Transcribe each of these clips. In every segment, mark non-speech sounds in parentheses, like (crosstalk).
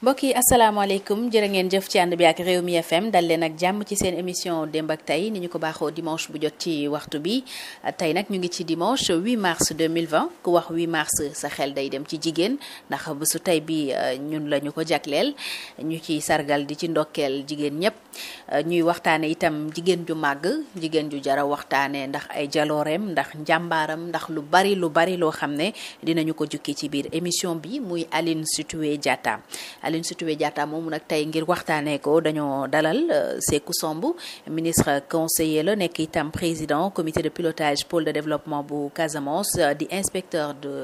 mbokk yi asalaamaaleykum jërë ngeen jëf ci ànd bi ak réew mi FM dal leen ak jàmm ci seen émission démb ak tey ni ñu ko baaxoo dimanche bu jot ci waxtu bi tey nag ñu ngi ci dimanche 8 mars 2020 ku wax 8 mars sa xel day dem ci jigéen ndax bésu tey bi euh, ñun la ñu ko jagleel ñu ci sargal di ci ndokkeel jigéen ñëpp euh, ñuy waxtaane itam jigéen ju màgg jigéen ju jara waxtaane ndax ay jalooreem ndax njàmbaaram ndax lu bari lu bari loo xam ne dinañu ko jukki ci biir émission bi muy Aline Sitoé Diatta Aline Sitoé Diatta moomu nag tey ngir waxtaanee ko dañoo dalal euh, Sékou Somb ministre conseiller la nekk itam président comité de pilotage pôle de développement bu Casamance euh, di inspecteur de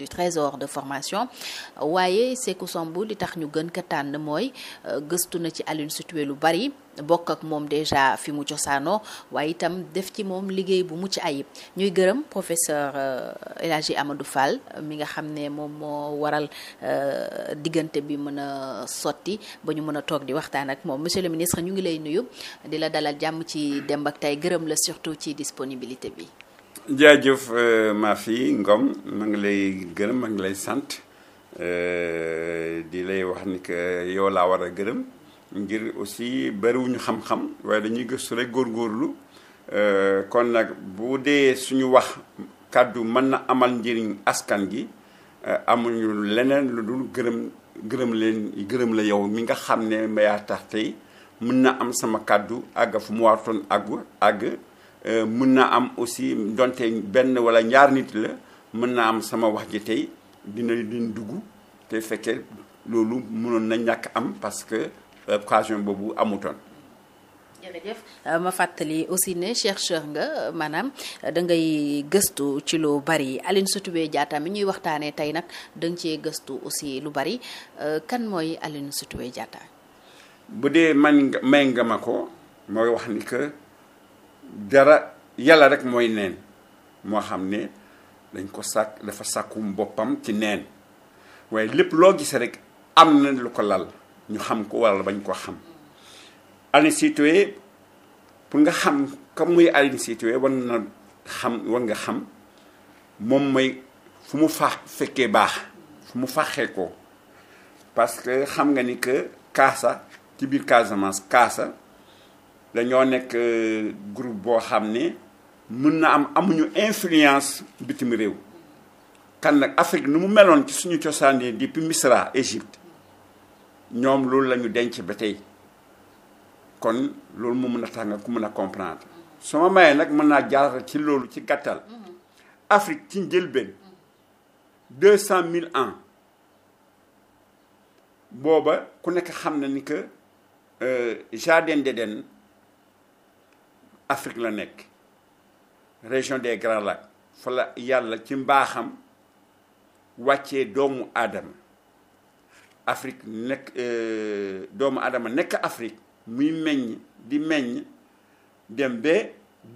du trésor de formation waaye Sékou Somb li tax ñu gën ko tànn mooy euh, gëstu na ci Aline Sitoé lu bari. bokk ak moom déjà fi mu cosaanoo waaye itam def ci moom liggéey bu mucc ayib ñuy gërëm professeur euh, El Hadji Amadou Fall euh, mi nga xam ne moom moo waral euh, diggante bi mën a sotti ba ñu mën a toog di waxtaan ak moom monsieur le ministre ñu ngi lay nuyu di la dalal jàmm ci Demb ak Tay gërëm la surtout ci disponibilité bi. jaajëf maa fi ngoom ma ngi lay gërëm ma ngi lay sant di lay wax ni que yow laa war a gërëm. ngir aussi bëriwuñu xam-xam waaye dañuy gëstu rek góorgóorlu euh, kon nag bu dee suñu wax kàddu mën na amal njëriñ askan gi euh, amuñu leneen lu dul gërëm gërëm leen gërëm la yow mi nga xam ne mayaa tax tey mën na am sama kàddu àgg fu mu waatoon àggu àgg euh, mën na am aussi donte benn wala ñaar nit la mën na am sama wax ji tey dina dina dugg te fekkee loolu mënoon na ñàkk am parce que occasion boobu amutoon. jërëjëf ma fàttali aussi ne chercheur nga maanaam da ngay gëstu ci lu bari Aline Sitoé Diatta mi ñuy waxtaanee tey nag da cee gëstu aussi lu bari euh, kan mooy Aline Sitoé Diatta. bu dee man may nga ma ko mooy wax ni que dara yàlla rek mooy neen moo xam ne dañ ko sàkk dafa sàkkum boppam ci neen waaye lépp loo gis rek am na lu ko lal. ñu xam ko wala bañ ko xam Aline Sitoé pour nga xam comme muy Aline Sitoé war na xam war nga xam moom mooy fu mu faax fekkee baax fu mu faaxee ko parce que xam nga ni que Kaasa ci biir Casamance Kaasa dañoo nekk euh, groupe boo xam ne mun na am amuñu influence bitim réew kan nag Afrique nu mu meloon ci suñu cosaan yi depuis Misra Égypte ñoom loolu la ñu denc ba tey kon loolu mu mun a tax nga ku mën a comprendre su ma mayee nag mën naa jaar ci loolu ci gàttal mm-hmm. Afrique ci njëlbeen deux cent mille ans booba ku nekk xam na ni que euh, jardin d'Éden Afrique la nekk région des Grands Lacs fa la yàlla ci mbaaxam wàccee doomu aadama Afrique nekk euh, doomu Adama nekk Afrique muy meññ di meññ dem ba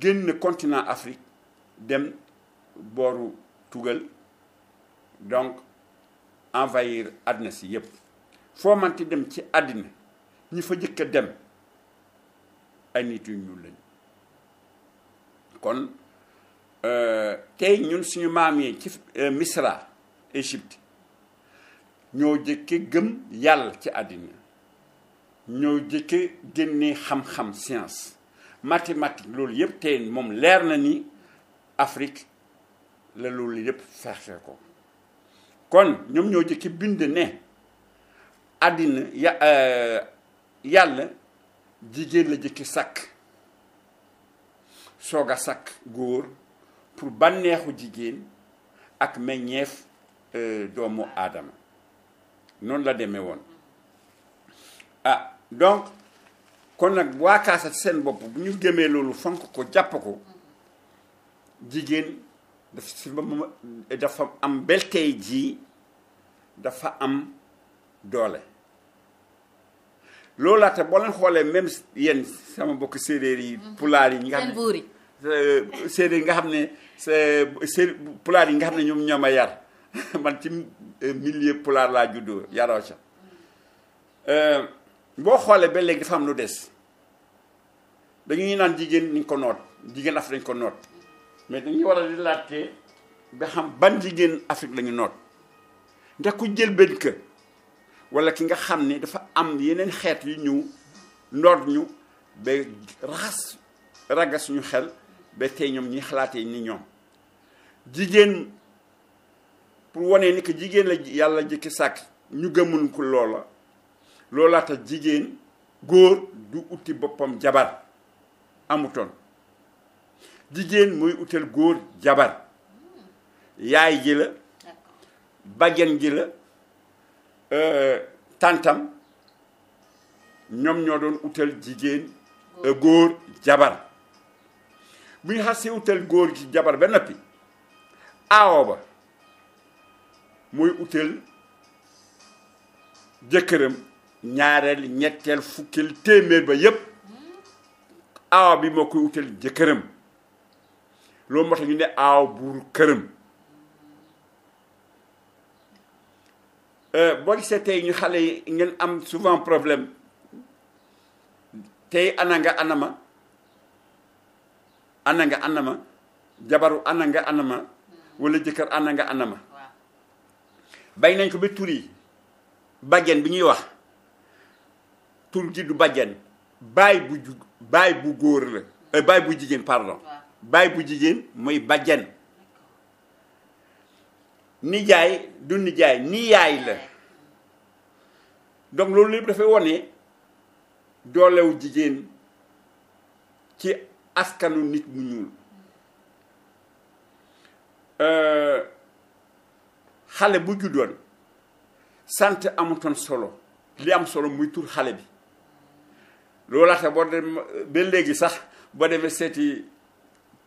génn continent Afrique dem booru tugal donc envahir àddina si yépp foo manti dem ci àddina ñi fa jëkk dem ay nit yu ñuul lañu kon euh, tey ñun suñu maam yi ci euh, Misra Égypte ñoo jëkke gëm yàlla ci àddina ñoo jëkke génnee xam-xam science mathématique loolu yëpp tey moom leer na ni Afrique la loolu yëpp fexe ko kon ñoom ñoo jëkke bind ne àddina ya euh, yàlla jigéen la jëkke sàkk soog a sàkk góor pour bànneexu jigéen ak meññeef euh, doomu aadama noonu la demee woon ah donc kon nag waa Kaasa ci seen bopp bu ñu gëmee loolu fonk ko jàpp ko jigéen daf si dafa am beltey ji dafa am doole loolaa te boo leen xoolee même yéen sama bokk séeréer yi mm-hmm. pulaar yi ñi nga xam ne euh, séeréer yi nga xam ne séeréer pulaar yi nga xam ne ñoom ñoo ma yar (laughs) man ci euh, milieu pulaar laa juddoo yaroo ca euh, boo xoolee ba léegi dafa am lu des dañuy naan jigéen niñ ko noot jigéen Afrique dañ ko noot mais dañuy war ba xam ban jigéen Afrique lañu noot ndax ku jël benn kër wala ki nga xam ni dafa am yeneen xeet yu ñëw noot ñu ba raxas ragas suñu xel ba tey ñoom ñuy xalaatee ni ñoom jigéen pour wanee ni jigéen la yàlla jëkki sàkk ñu gëmun ko loola loolaa tax jigéen góor du uti boppam jabar amutoon jigéen muy utal góor jabar yaay ji la bàjjen ji la euh, tantam ñoom ñoo doon utal jigéen góor euh, jabar bu ñu xasee utal góor gi jabar ba noppi aawo ba mooy utal jëkkëram ñaareel ñetteel fukkeel téeméer ba yépp aaw bi moo koy utal jëkkëram loo moo tax ñu ne aaw buur këram euh, boo gisee tey ñu xale yi ngeen am souvent problème tey ana nga anama ana nga anama jabaru ana nga anama wala jëkkër ana nga anama bay nañ ko ba tur yi bi ñuy wax tur gi du bàjjen baay bu ju baay bu góor la eh, baay bu jigéen pardon baay bu jigéen mooy bàjjen nijaay du nijaay niyaay la donc loolu lépp dafay wone doolewu jigéen ci askanu nit mu ñuul euh, xale bu juddoon sant amutoon solo li am solo muy tur xale bi loolaa tax boo dem ba léegi sax boo demee seeti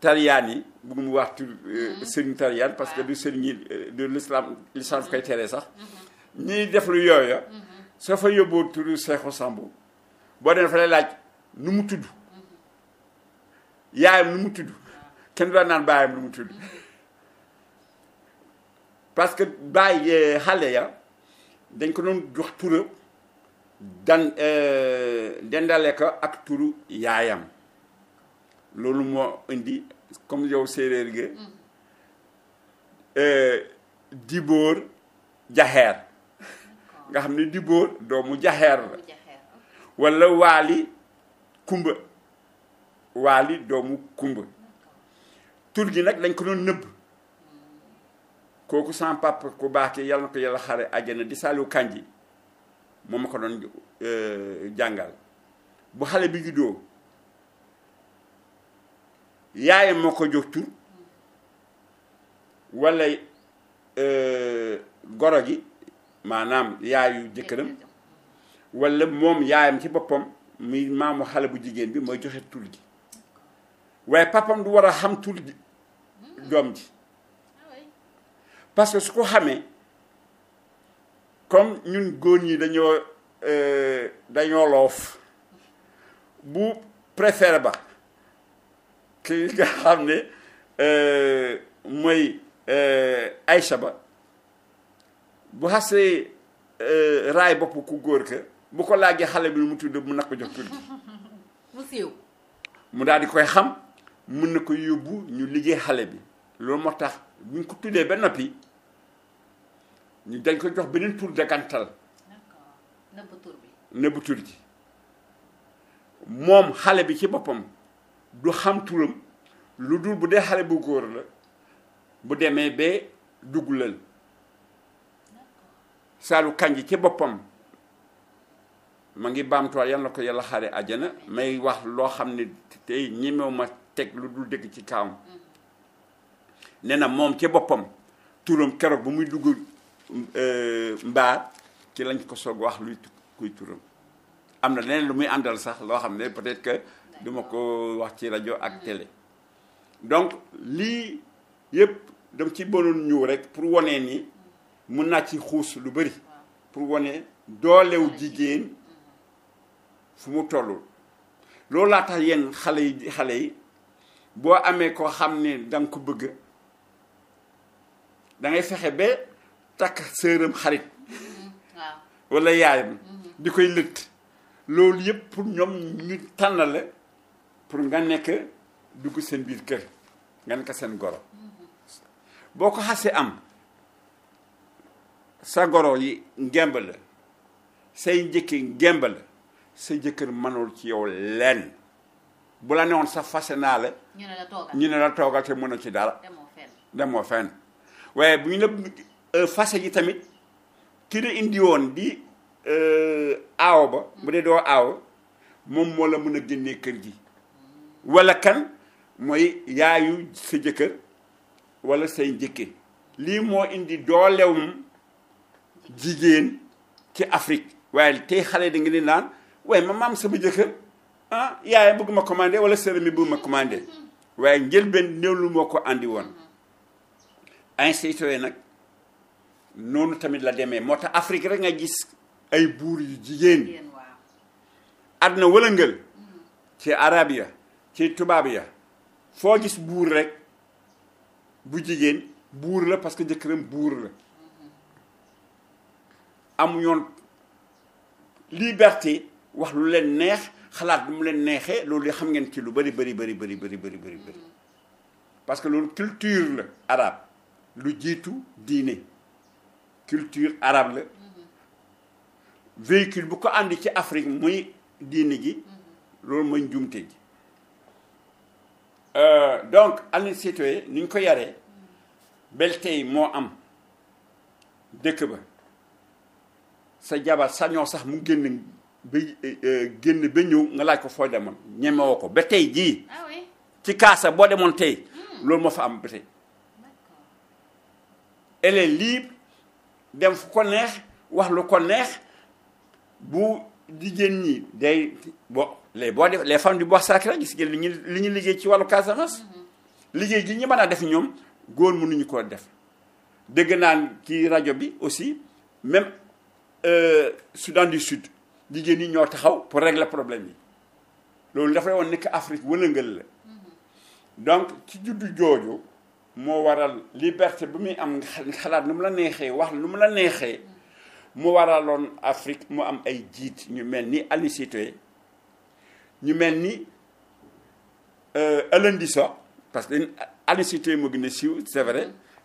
tariyaan yi bugg mu wax tur mm-hmm. euh, sëriñ tariyaan parce que du sëriñ yi euh, du l'islam l'islam koy teree sax mm-hmm. ñii def lu yooya mm-hmm. soo fa yóbboo turu Seexu Sambu boo demee fa lay laaj nu mu tudd yaayam nu mu tudd kenn du la naan baayam lu mu tudd parce que bàyyi euh, xale ya dañ ko doon jox turam dan euh, dendale ko ak turu yaayam loolu moo indi comme yow séeréer gi mm. euh, dibóor jaxeer nga xam ne dibóor doomu jaxeer la walla waali kumba waali doomu kumba tur gi nag dañ ko doon nëbb kooku sama papa ku baax ki yàlla na ko yàlla xare àjjana di Saliou Kandji moom ma ko doon euh, jàngal bu xale bi juddoo yaayam moo ko jox tur walla euh, goro gi maanaam yaayu jëkkëram walla moom yaayam ci boppam muy maamu xale bu jigéen bi mooy joxe tur gi waaye papam du war a xam tur hmm. doom ji parce que su ko xamee comme ñun góor ñi dañoo euh, dañoo loof bu préfère ba ki nga (laughs) xam ne euh, mooy euh, Aïcha ba bu xasee raay bopp ku góor ka bu ko laajee xale bi mu tudd mu nag ko jox tur (laughs) mu siiw mu daal di koy xam mun na ko yóbbu ñu liggéey xale bi loolu moo tax buñ ko tuddee ba noppi ñu dañ ko jox beneen tur dagantal nëbb tur bi nëbb tur ji moom xale bi ci boppam du xam turam lu dul bu dee xale bu góor la bu demee ba dugg lël saalu kanji ci boppam ma ngi baamtuwaat yal na ko yàlla xaare àjjana may wax loo xam ne tey ñemew ma teg lu dul dëgg ci kaam mm-hmm. nee na moom ci boppam turam keroog bu muy dugg Euh, mbaar ci lañ ko soog wax luy kuy turam am na leneen lu muy àndal sax loo xam ne peut-être que duma ko wax ci rajo ak télé donc lii yëpp dam ci bonoon ñëw rek pour wonee nii mun naa ci xuus lu bëri pour wone doolew jigéen fu mu tollu loolu laa tax yenn xale yi xale yi boo amee koo xam ne danga ko bëgg dangay fexe ba takk sëram xarit mm-hmm. wala yaayam di koy lëtt loolu yëpp pour ñoom ñu tànnale pour nga nekk dugg seen biir kër nga nekk seen goro mm-hmm. boo ko xasee am sa goro yi ngemb la say njëkki ngemb la sa jëkkër mënul ci yow lenn bu la newoon sax fase la ñu ne la toogal te mënul ci dara demoo fenn waaye bu ñu la Euh, fase ji tamit ki la indi woon di euh, aaw ba bu dee doo aaw moom moo la mën a génnee kër gi wala kan mooy yaayu sa jëkkër wala say njëkke lii moo indi doolewum jigéen ci Afrique waaye tey xale da nga di naan waaye ma maam sama jëkkër ah yaayam bëgg ma commandé wala sëriñ mi bëgg ma commandé waaye njëlbeen néewlu moo ko indi woon institut nag noonu tamit la demee moo tax Afrique rek nga gis ay buur yu jigéen àdduna wëlëngal ci arab ya ci tubaab ya foo gis buur rek bu jigéen buur la parce que jëkkëram buur la am amuñoon liberté wax lu leen neex xalaat lu mu leen neexee loolu xam ngeen ci lu bari bari bari bari bari bari mm-hmm. parce que loolu culture la arabe lu jiitu diine culture arab la véhicule bu ko andi ci Afrique muy diini gi loolu mooy njumte gi euh, donc Aline Sitoé ni ko yaree belte yi moo am dëkk ba sa jabar sañoo sax mu génn ba euh, génn ba ñëw nga laaj ko foo demoon ñemewoo ko ba tey jii ah ci kaasa boo demoon tey hmm. loolu moo fa am ba tey elle est dem fu ko neex wax lu ko neex bu jigéen ñi day bo les boo def les femmes du bois sacré gis ngeen li ñu li ñu liggéey ci wàllu Casamance mm-hmm. liggéey ji ñu mën a def ñoom góor mu nu ñu ko def dégg naan ci rajo bi aussi même euh, Soudan du Sud jigéen ñi ñoo taxaw pour régler problème yi loolu dafay woon nekk Afrique wëlëngal la mm-hmm. donc ci juddu jooju moo waral liberté bu muy am xalaat lu mu la neexee wax lu mu la neexee mu waraloon Afrique mu am ay jiit ñu mel ni Aline Sitoé ñu mel ni Ellen euh, Disso parce que Aline Sitoé gën a siiw c'est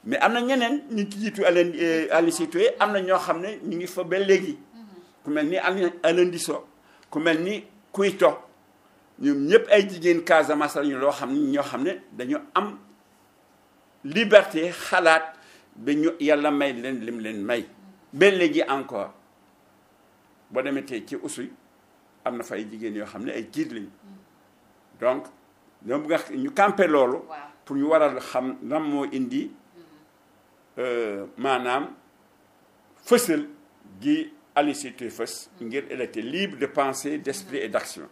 mais am na ñeneen ñu ngi jiitu Ellen Aline Sitoé am na ñoo xam ne ñu ngi fa ba léegi mm-hmm. ku mel ni Ellen Disso ku mel ni Kuito ñoom ñëpp ay jigéen Casamance lañu loo xam ne ñoo xam ne dañu am. liberté xalaat ba ñu yàlla may leen lim leen may ba léegi encore boo demee tey ci usuy am na fa ay jigéen yoo xam ne ay jiit lañ donc ñoom nga ñu campé loolu pour ñu war xam lan moo indi mm-hmm. euh, maanaam fësal gi Aline Sitoé fës ngir mm-hmm. elle était libre de pensée d'esprit mm-hmm. et d'action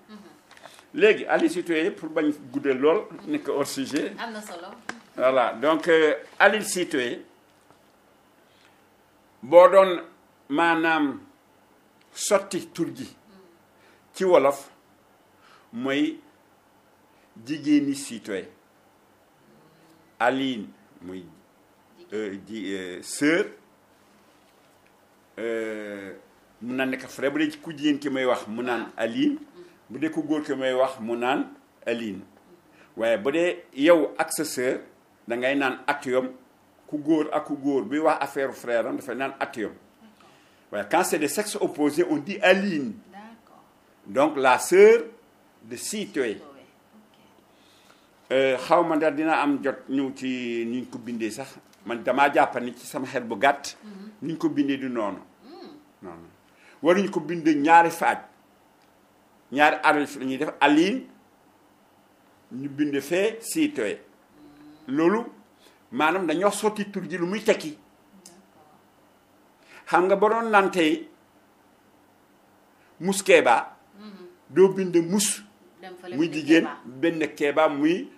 léegi Aline Sitoé pour bañ guddee lool nekk hors sujet am na solo voilà donc euh, Aline Sitoé boo doon maanaam sotti tur gi ci wolof mooy jigéeni Sitoé Aline muy euh, ji euh, sœur mun naan nekk frère bu dee ku jigéen ki may wax mu naan Aline bu dee ku góor ki may wax mu naan Aline waaye bu dee yow ak sa sœur da ngay naan atium ku góor ak ku góor bi wax affaire frère am dafay naan atium waaye quand c'est des sexes opposés on dit aline donc la sœur de Sitoé euh, xaw ma ndax dina am jot ñëw ci ñu ko bindee sax man damaa jàpp ni ci sama xel bu gàtt mm-hmm. niñ ko bindee du noonu mm. noonu waruñu ko bindee ñaari faaj ñaari arif la ñuy def aline ñu bind fee Sitoé loolu maanaam dañoo sotti tur ji lu muy tekki xam nga ba doon naan tey mus keebaa mhm. doo bind mus muy jigéen benn keebaa muy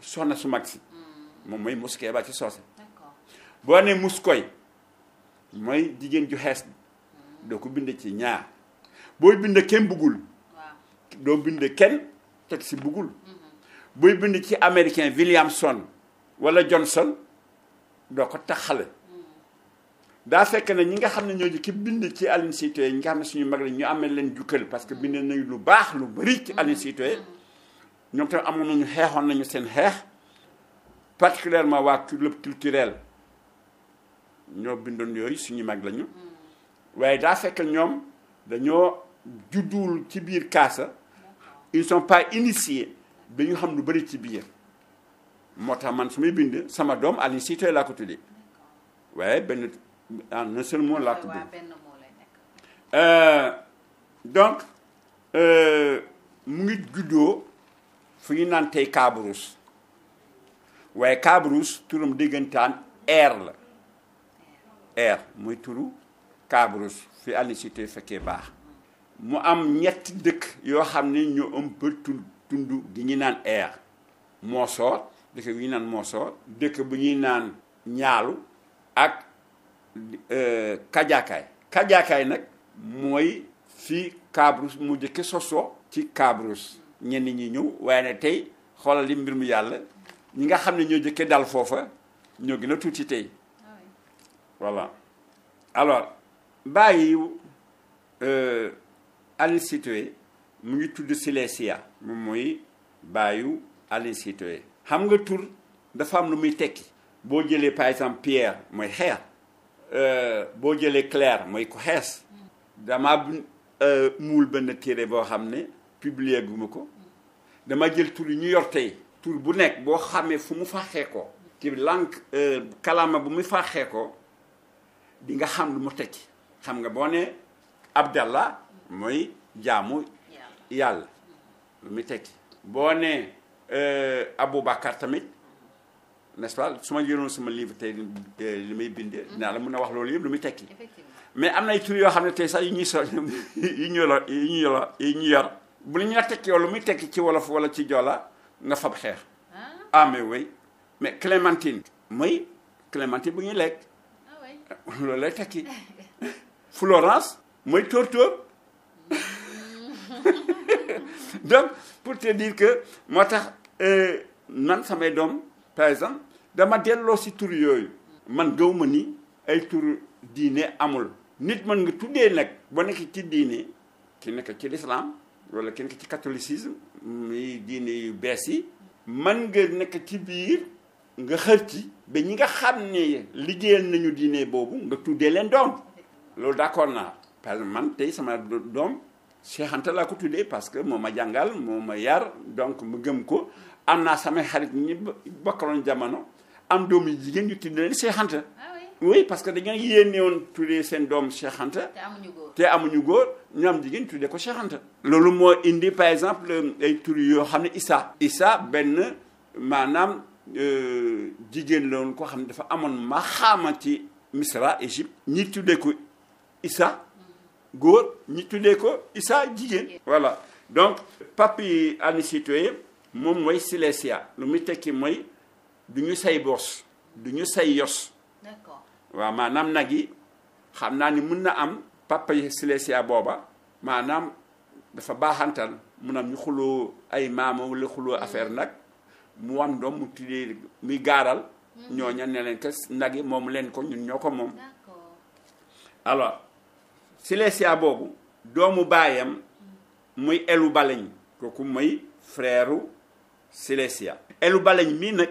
soxna su mag si mhm. moom mooy mus keebaa ci soose boo ne mus koy mooy jigéen ju xees mhm. doo ko bind ci ñaar booy bind kenn buggul doo bind kenn teg si buggul booy bind ci américain Williamson wala Johnson doo ko taxale daa fekk ne ñi nga xam ne ñooñu ki bind ci Aline Sitoé ñi nga xam ne suñu mag la ñu amee leen jukkal parce que bind nañu lu baax lu bari ci Aline Sitoé ñoom amoon nañu xeexoon nañu seen xeex particulièrement waa club culturel ñoo bindoon yooyu suñu mag lañu waaye daa fekk ñoom dañoo judduwul ci biir kaasa ils sont pas initiés ba ñu xam lu bëri ci biir moo tax man su may bind sama doom Aline Sitoé laa ko waaye benn en ah, un seul mot euh, donc euh, mu ngi juddoo fu ñu naan tey Kabrousse waaye Kabrousse turam diggantaan air la air mooy turu Kabrousse fi Aline Sitoé fekkee baax mu am ñett dëkk yoo xam ne ñu ëmb tund di ñu naan air Moosor dëkk bi ñu naan moso dëkk bu ñuy naan ñaalu ak euh, kajaakaay kajaakaay nag mooy fii Kabrous mu jëkke soso ci Kabrous ñenn ñi ñëw waaye ne tey xoolal li mbir mu yàlla ñi nga xam ne ñoo jëkke dal foofa ñoo gën a tuuti tey voilà alors bàyyi euh, Aline mu ngi tudd Silesia moom mooy bàyyu Aline Sitoé xam nga tur dafa am lu muy tekki boo jëlee par exemple Pierre mooy xeer euh, boo jëlee Claire mooy ko xees dama euh, muul benn téere boo xam ne publier guma ko dama jël tur yi ñu yor tey tur bu nekk boo xamee fu mu fàqee ko ci lànk euh, kalama bu mu fàqee ko di nga xam lu mu tekki xam nga boo ne Abdallah mooy jaamu yàlla lu muy tekki boo ne Euh, Aboubacar tamit n'est-ce pas su ma yoroon sama livre tey euh, li may bind mm-hmm. dinaa la mën a wax loolu yëpp lu muy tekki. mais am na ay tur yoo xam ne tey sax yu ñuy so yu ñu yor yu ñu yor yu ñu yor bu ñu la tekki yow lu muy tekki ci wolof wala ci joola nga fab xeex. Ah. ah mais oui mais clémentine. mooy clémentine bu ñuy lekk. Ah (laughs) loolu lay tekki (laughs) Florence mooy tóor-tóor mm. (laughs) donc pour te dire que moo tax. nan samay doom par exemple dama delloo si tur yooyu man gëw ma ni ay tur diine amul nit mën nga tuddee nag ba nekk ci diine ki nekk ci lislaam wala ki nekk ci catholicisme muy diine yu bees yi man nga nekk ci biir nga xër ci ba ñi nga xam ne liggéeyal nañu diine boobu nga tuddee leen doom loolu d'accord naa parce que man tey sama doom Cheikh Anta laa ko tuddee parce que moo ma jàngal moom ma yar donc mu gëm ko am naa samay xarit ñi bokkaloon jamono am doomu jigéen ñu tuddee leen Cheikh Anta. Ah oui parce que dañoo yéene woon tuddee seen doom Cheikh te amuñu góor ñam jigéen tuddee ko Cheikh Anta. loolu moo indi par exemple euh, ay tur yoo xam ne Issa. Issa benn maanaam euh, jigéen la woon koo xam ne dafa amoon maxaama ci Misra Égypte. ñi tuddee ko Issa góor ñi tuddee ko Issa jigéen. voilà donc papi Anicitoye. moom mooy silesia lu muy tekki mooy du ñu say boos du ñu say yos. waaw maanaam nag yi xam naa ni mun na am papa yi silesia booba maanaam dafa baaxantal mun am ay maama wala affaire mm. nag mu doom muy gaaral. Mm. ñooña ne nag yi moom leen ko ko moom. alors silesia boobu doomu baayam mm. muy elu baleñ kooku mooy frère Silesia elu balañ mii nag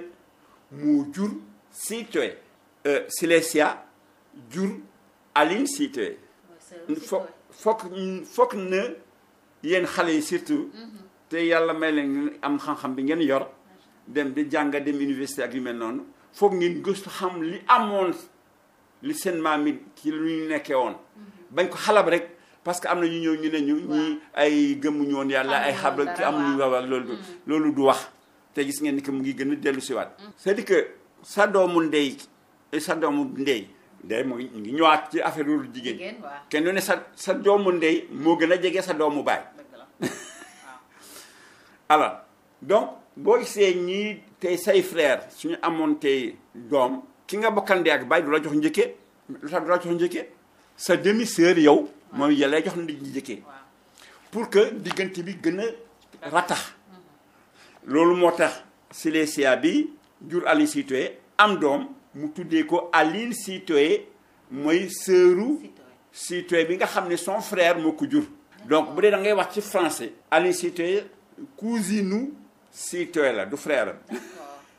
moo jur Sitoé e, Silesia jur Aline Sitoé fokk fokk na yéen xale yi surtout mhm. te yàlla may leen am xam-xam bi ngeen yor dem di jàng dem université ak yu mel noonu foog ngeen gëstu xam li amoon li seen maam yi ci lu ñu nekkee woon mhm. bañ ko xalab rek parce que am na ñu ñëw ñu ne ñu ñu ay gëmmuñu woon yàlla ay xabla amuñu waaw ak mm. loolu du wax te gis ngeen ni que mu ngi gën a dellu si waat mm. c'est-à-dire que sa doomu ndey sa ndey ndey mu ngi ñëwaat ci affaire lu jigéen kenn du ne sa sa doomu ndey moo gën a jege sa doomu baay (laughs) alors donc boo gisee ñii tey say frair su ñu amoon tey doom ki nga bokkandee ak baay du la jox njëkkee lu tax du la jox njëkkee sa demi yow moom yàlla jox na nit ñi jëkkee pour que diggante bi gën a ratax loolu moo tax si Silesia bi jur Aline Sitoé am doom mu tuddee ko Aline Sitoé mooy sëru Sitoé bi nga xam ne son frère moo ko jur donc bu dee da ngay wax ci français Aline Sitoé cousinu Sitoé la du frère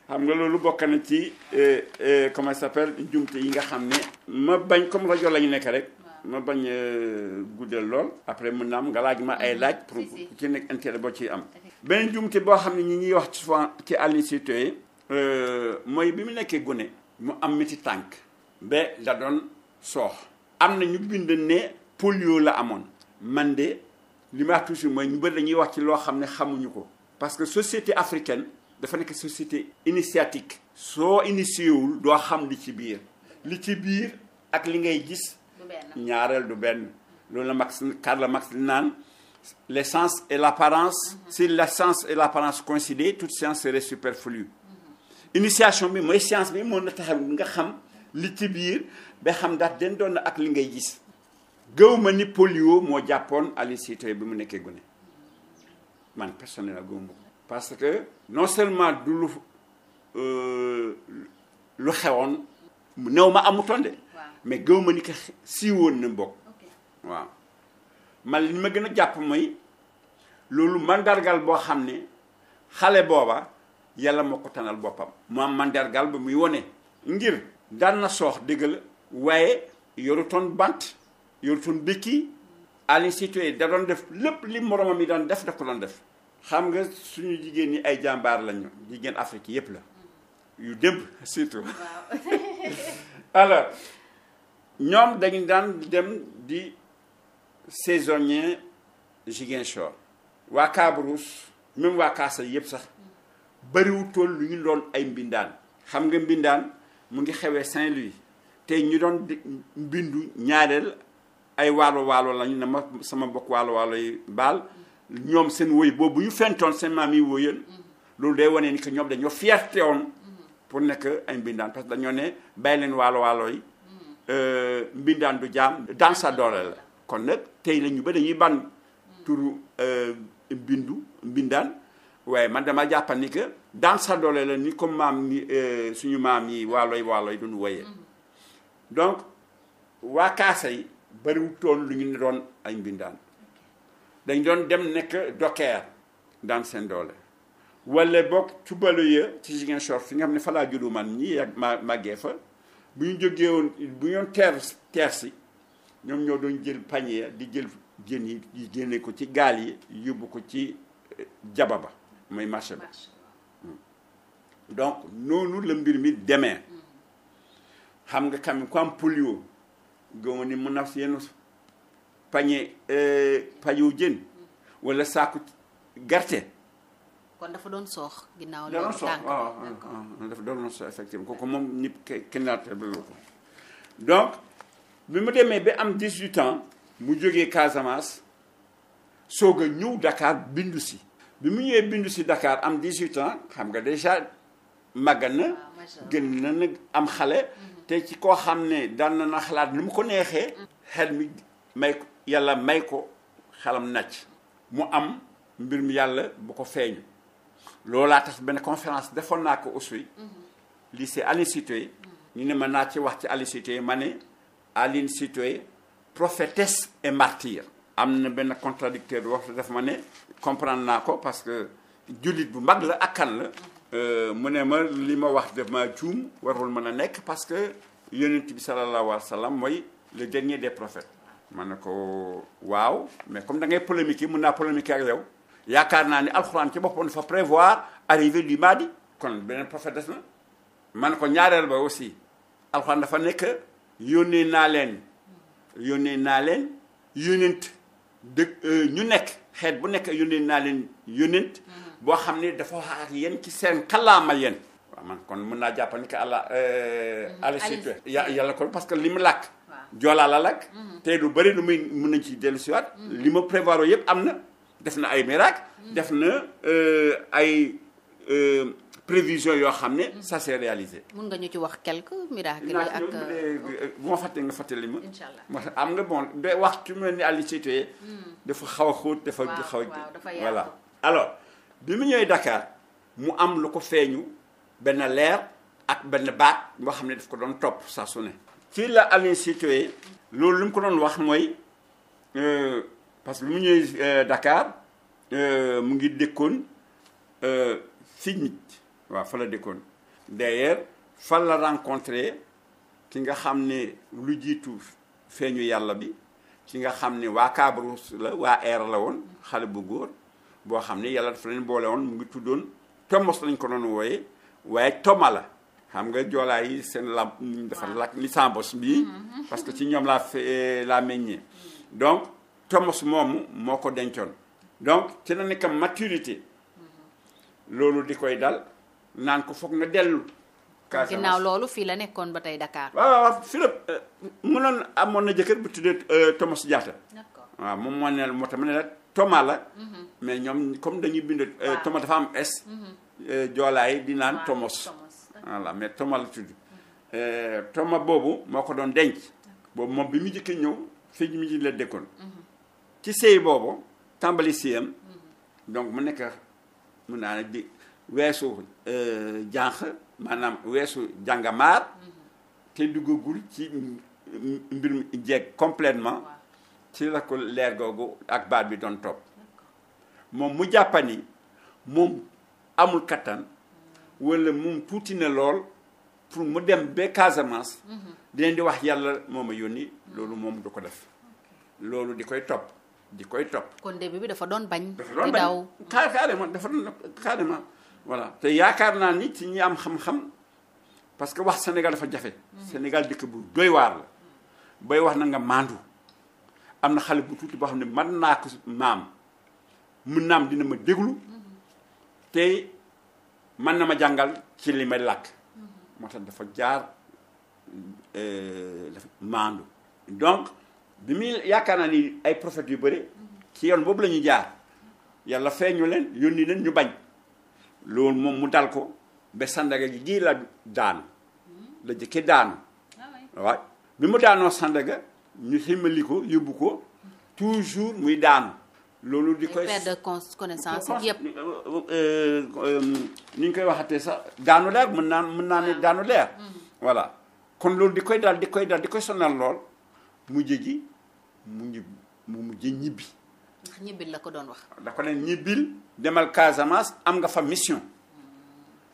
am xam nga loolu bokk na ci euh, euh, comment sa s'appelle njumte yi nga xam ne ma bañ comme rajo la ñu nekk rek ma bañ euh, guddal lool après mën na am nga laaj ma ay mm-hmm. laaj pour ci nekk intérêt boo ciy am beneen jumte boo xam ne ñu ñuy wax souvent ci alnicité yi euh, mooy bi mu nekkee gone mu am miti tànk ba da doon soox am na ñu bind ne polio la amoon man de li ma wax toujours mooy ñu bëri dañuy wax ci loo xam ne xamuñu ko parce que société africaine dafa nekk société initiatique soo initié wul doo xam li ci biir li ci biir ak li ngay gis ñaareel du benn loolu la Marx Karl Marx li naan l'essence et l'apparence mhm. si l'essence et l'apparence coïncidaient toute science serait superflue mhm. initiation bi mooy science bi mën na taxaw nga xam li ci biir ba xam ndax den doon na ak li ngay gis gëw ma ni polio moo jàppoon Aline Sitoé bi mu nekkee gune man personnel la gëw parce que non seulement du lu euh, lu xewoon néew ma amutoon de mais gëw ma ni que siiwoon na bokk waaw man li ma gën a jàpp mooy loolu mandargal boo xam ne xale booba yàlla moo ko tanal boppam mu am mandargal ba muy wone ngir daan na soox dëgg la waaye yorutoon bant yorutoon békki Aline Sitoé da doon def lépp li moromam yi doon def da ko doon def xam nga suñu jigéen ñi ay jàmbaar lañu jigéen Afrique yépp la mm. yu démb surtout (laughs) (laughs) alors ñoom dañu daan dem di saisonnier Ziguinchor waa Kabrousse même waa Kaasa yëpp sax bëriwutoon lu ñu doon ay mbindaan xam nga mbindaan mu ngi xewee Saint-Louis tey ñu doon mbindu ñaareel ay waalo waalo lañu ne ma sama bokk waalo waalo yi baal ñoom seen woy boobu bu ñu fentoon seen maam yi woyoon loolu day wane ni que ñoom dañoo fierté woon mm-hmm. pour nekk ay mbindaan parce dañoo ne bàyyi leen waalo waalo yi Euh, mbindaan du jaam dans sa doole la kon nag tey lañu ñu ba dañuy ban turu euh, mbindu mbindaan waaye man dama jàppan ni que dans sa doole la ni comme maam ni euh, suñu maam yi waaloy waaloy duñu woyee mm-hmm. donc waa kaasa yi bëriwu toon lu ñu doon ay mbindaan dañ doon dem nekk dokeer dans seen doole wala boog tubalu ya ci Ziguinchor fi nga xam ne fa laa juddu man ñi yàgg ma fa bu ñu jógee woon bu ñoon teer teer si ñoom ñoo doon jël pañe di jël jën yi di génne ko ci gaal yi yóbbu ko ci eh, jaba ba mooy marché ba hmm. donc noonu la mbir mi demee hmm. xam nga xam ku am polio gëmoo ni mën na yenn pañe eh, pañoo jën hmm. wala saaku gerte kon dafa doon soox ginnaaw loolu. daan soox waaw dafa doon soox effectivement kooku moom nit kenn naatable ko donc bi mu demee ba am 18 ans mu jógee Casamance soog a ñëw Dakar bindu si. bi mu ñëwee bindu si dakaar am 18 ans xam nga déjà màgg na ah, gën na nag am xale. Mhm. te ci koo xam ne daan na na xalaat ni mu ko neexee. Mhm. xel mi may ko may ko xelam nàcc mu am mbir mi yàlla bu ko feeñu. laa tax benn conférence defoon naa ko aussi mhm. lii Aline Sitoé mhm. ñu ne mën naa ci wax ci Aline ma ne Aline Sitoé prophétesse et martyr am na benn contradicteur bi wax def ma ne comprendre naa ko parce que jullit bu mag la ak kan la mhm. euh, mu ne ma li ma wax def ma juum warul mën a nekk parce que yonent bi sallallahu alayhi wa sallam mooy le dernier de prophètes ma ne ko waaw mais comme da ngay polémique yi mun naa polémique ak yow yaakaar naa ne alxuraan ci boppoon dafa prévoir arrivée du Mahdi kon beneen prophète des na man ko ñaareel ba aussi alxuraan dafa nekk yónnee naa leen yónnee naa leen yónent dë euh, ñu nekk xeet bu nekk yónnee naa leen yónent mm-hmm. boo xam ne dafa wax ak yéen ci seen kàllaama yéen waaw man kon mën naa jàpp ni que àlla euh, mm-hmm. alsit yàlla ko parce que li mu làkk joolaa la mm-hmm. te lu bëri lu muy mën nañ ci dellu siwaat li ma prévoir yëpp am na def na ay miracle def na euh, ay euh, prévision yoo xam ne sa s'est réalisé. mun nga ñu ci wax quelque miracle yi ak euh, bu ma fàtte nga fàttali ma. incha allah am nga bon de wax ci mel ni Aline Sitoé hmm. dafa xaw a xóot dafa xaw a voilà alors bi mu ñëwee Dakar mu am lu ko feeñu benn leer ak benn baat boo xam ne daf ko doon topp saa su ne. ci la Aline Sitoé loolu li mu ko doon wax mooy. parce que bi mu ñëwee euh, Dakar euh, mu ngi dëkkoon Signic euh, waaw fa la dëkkoon d'ailleurs fa la rencontré ki nga xam ne lu jiitu feeñu yàlla bi ki nga xam ne waa Kabrousse la waa air la woon xale bu góor boo xam ne yàlla dafa leen boole woon mu ngi tuddoon Thomas lañ ko doon wooyee waaye Thomas la xam nga joolaa yi seen làmp dafa lakk li sambos bii mm-hmm. parce que ci ñoom laa fe laa meññee donc Thomas moomu moo ko dencoon donc ci la nekk maturité loolu di koy dal naan ko foog nga dellu. Casamance ginnaaw loolu fii la nekkoon ba tey Dakar. waaw waaw fii la euh, amoon na jëkkër bu tuddee euh, Thomas Diatta. d'accord waaw moom moo ne moo tax ne la Thomas la. Mhm. mais ñoom comme dañuy bind. Euh, Thomas dafa am S. Mhm. joolaay di naan Thomas. voilà mais Thomas la tudd. Mhm. Thomas boobu moo ko doon denc. boobu moom bi mu njëkkee ñëw fii mu ngi la dëkkoon. ci sëy boobu tàmbali siyam donc mu nekk mun naa ne bi weesu euh, jànq maanaam weesu jàngamaar te duggagul ci mbirum jeeg complètement ci la ko leer googu ak baat bi doon topp moom mu jàppani moom amul kattan wala moom tuuti na lool pour mu dem ba Casamance. Mm-hmm. dinañ di wax yàlla moom a yónni mm-hmm. loolu moom du ko def loolu di koy topp di koy topp. kon de bi dafa doon bañ. dafa doon bañ di daw carrément dafa doon carrément. voilà te yaakaar naa ni ci ñi am xam-xam parce que wax Sénégal dafa jafe. Sénégal dëkk bu doy waar la. bay wax na nga maandu am na xale bu tuuti boo xam ne man naa ko maam mun naam dina ma déglu te mën na ma jàngal ci li may làkk. moo tax dafa jaar euh, dafa maandu donc. bi muy yaakaar naa ni ay prophètes yu bëri ci yoon boobu la ñuy jaar yàlla feeñu leen yónni leen ñu bañ lool moom mu dal ko ba Sandaga gi gii la daanu la jëkke daanu ah waaw bi mu ñu ximali ko yóbbu ko toujours muy daanu loolu di koy perte de connaissance yëpp euh, euh, euh, ni ñu koy waxatee sax daanu leer mën naa mën naa ne ah. daanu leer mm. voilà kon loolu di koy dal di koy dal di koy sonal lool mujj gi mu ñib mu mujj ñibbi. ndax ñibbil la ko doon wax. da ko ne ñibbil demal Casamance am nga fa mission.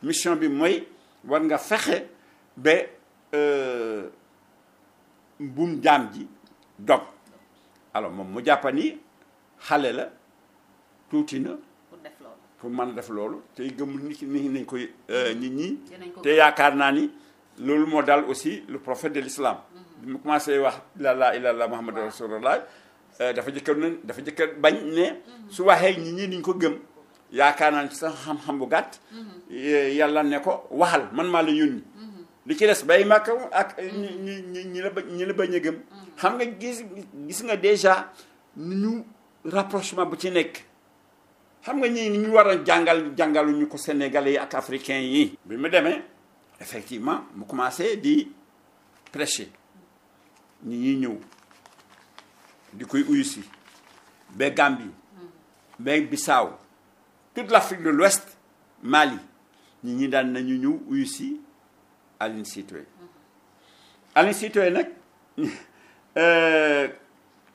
mission bi mooy war nga fexe ba euh, mbuum jaam ji dog alors moom mu jàpp ni xale la tuuti na. pour mën a def loolu tey gëmul euh, nit ñi nañ koy nit ñi. te yaakaar naa ni loolu moo daal aussi lu prophète de l'islam bi mu commencé wax la ilaha illallah muhammadu rasulullah euh, dafa jëkka dafa jëkkër bañ ne mhm. su waxee ñi ñi niñ ko gëm yaakaar naa ci sax xam-xam bu gàtt mhm. yàlla ne ko waxal man maa la yónni mhm. li ci des bay màkk ak ñi ñi la ñi bañ a gëm xam nga gis nga déjà ni ñu rapprochement bu ci nekk xam nga ñi ñu war a jàngal ñu ko sénégalais yi ak africain yi bi mu demee effectivement mu commencé di prêcher ñi ñuy ñëw di koy uyu si ba Gambie ba Bissau toute l'Afrique de l'Ouest Mali ñi ñi daan nañu ñëw uyu si Aline Sitoé Aline Sitoé nag (laughs) euh,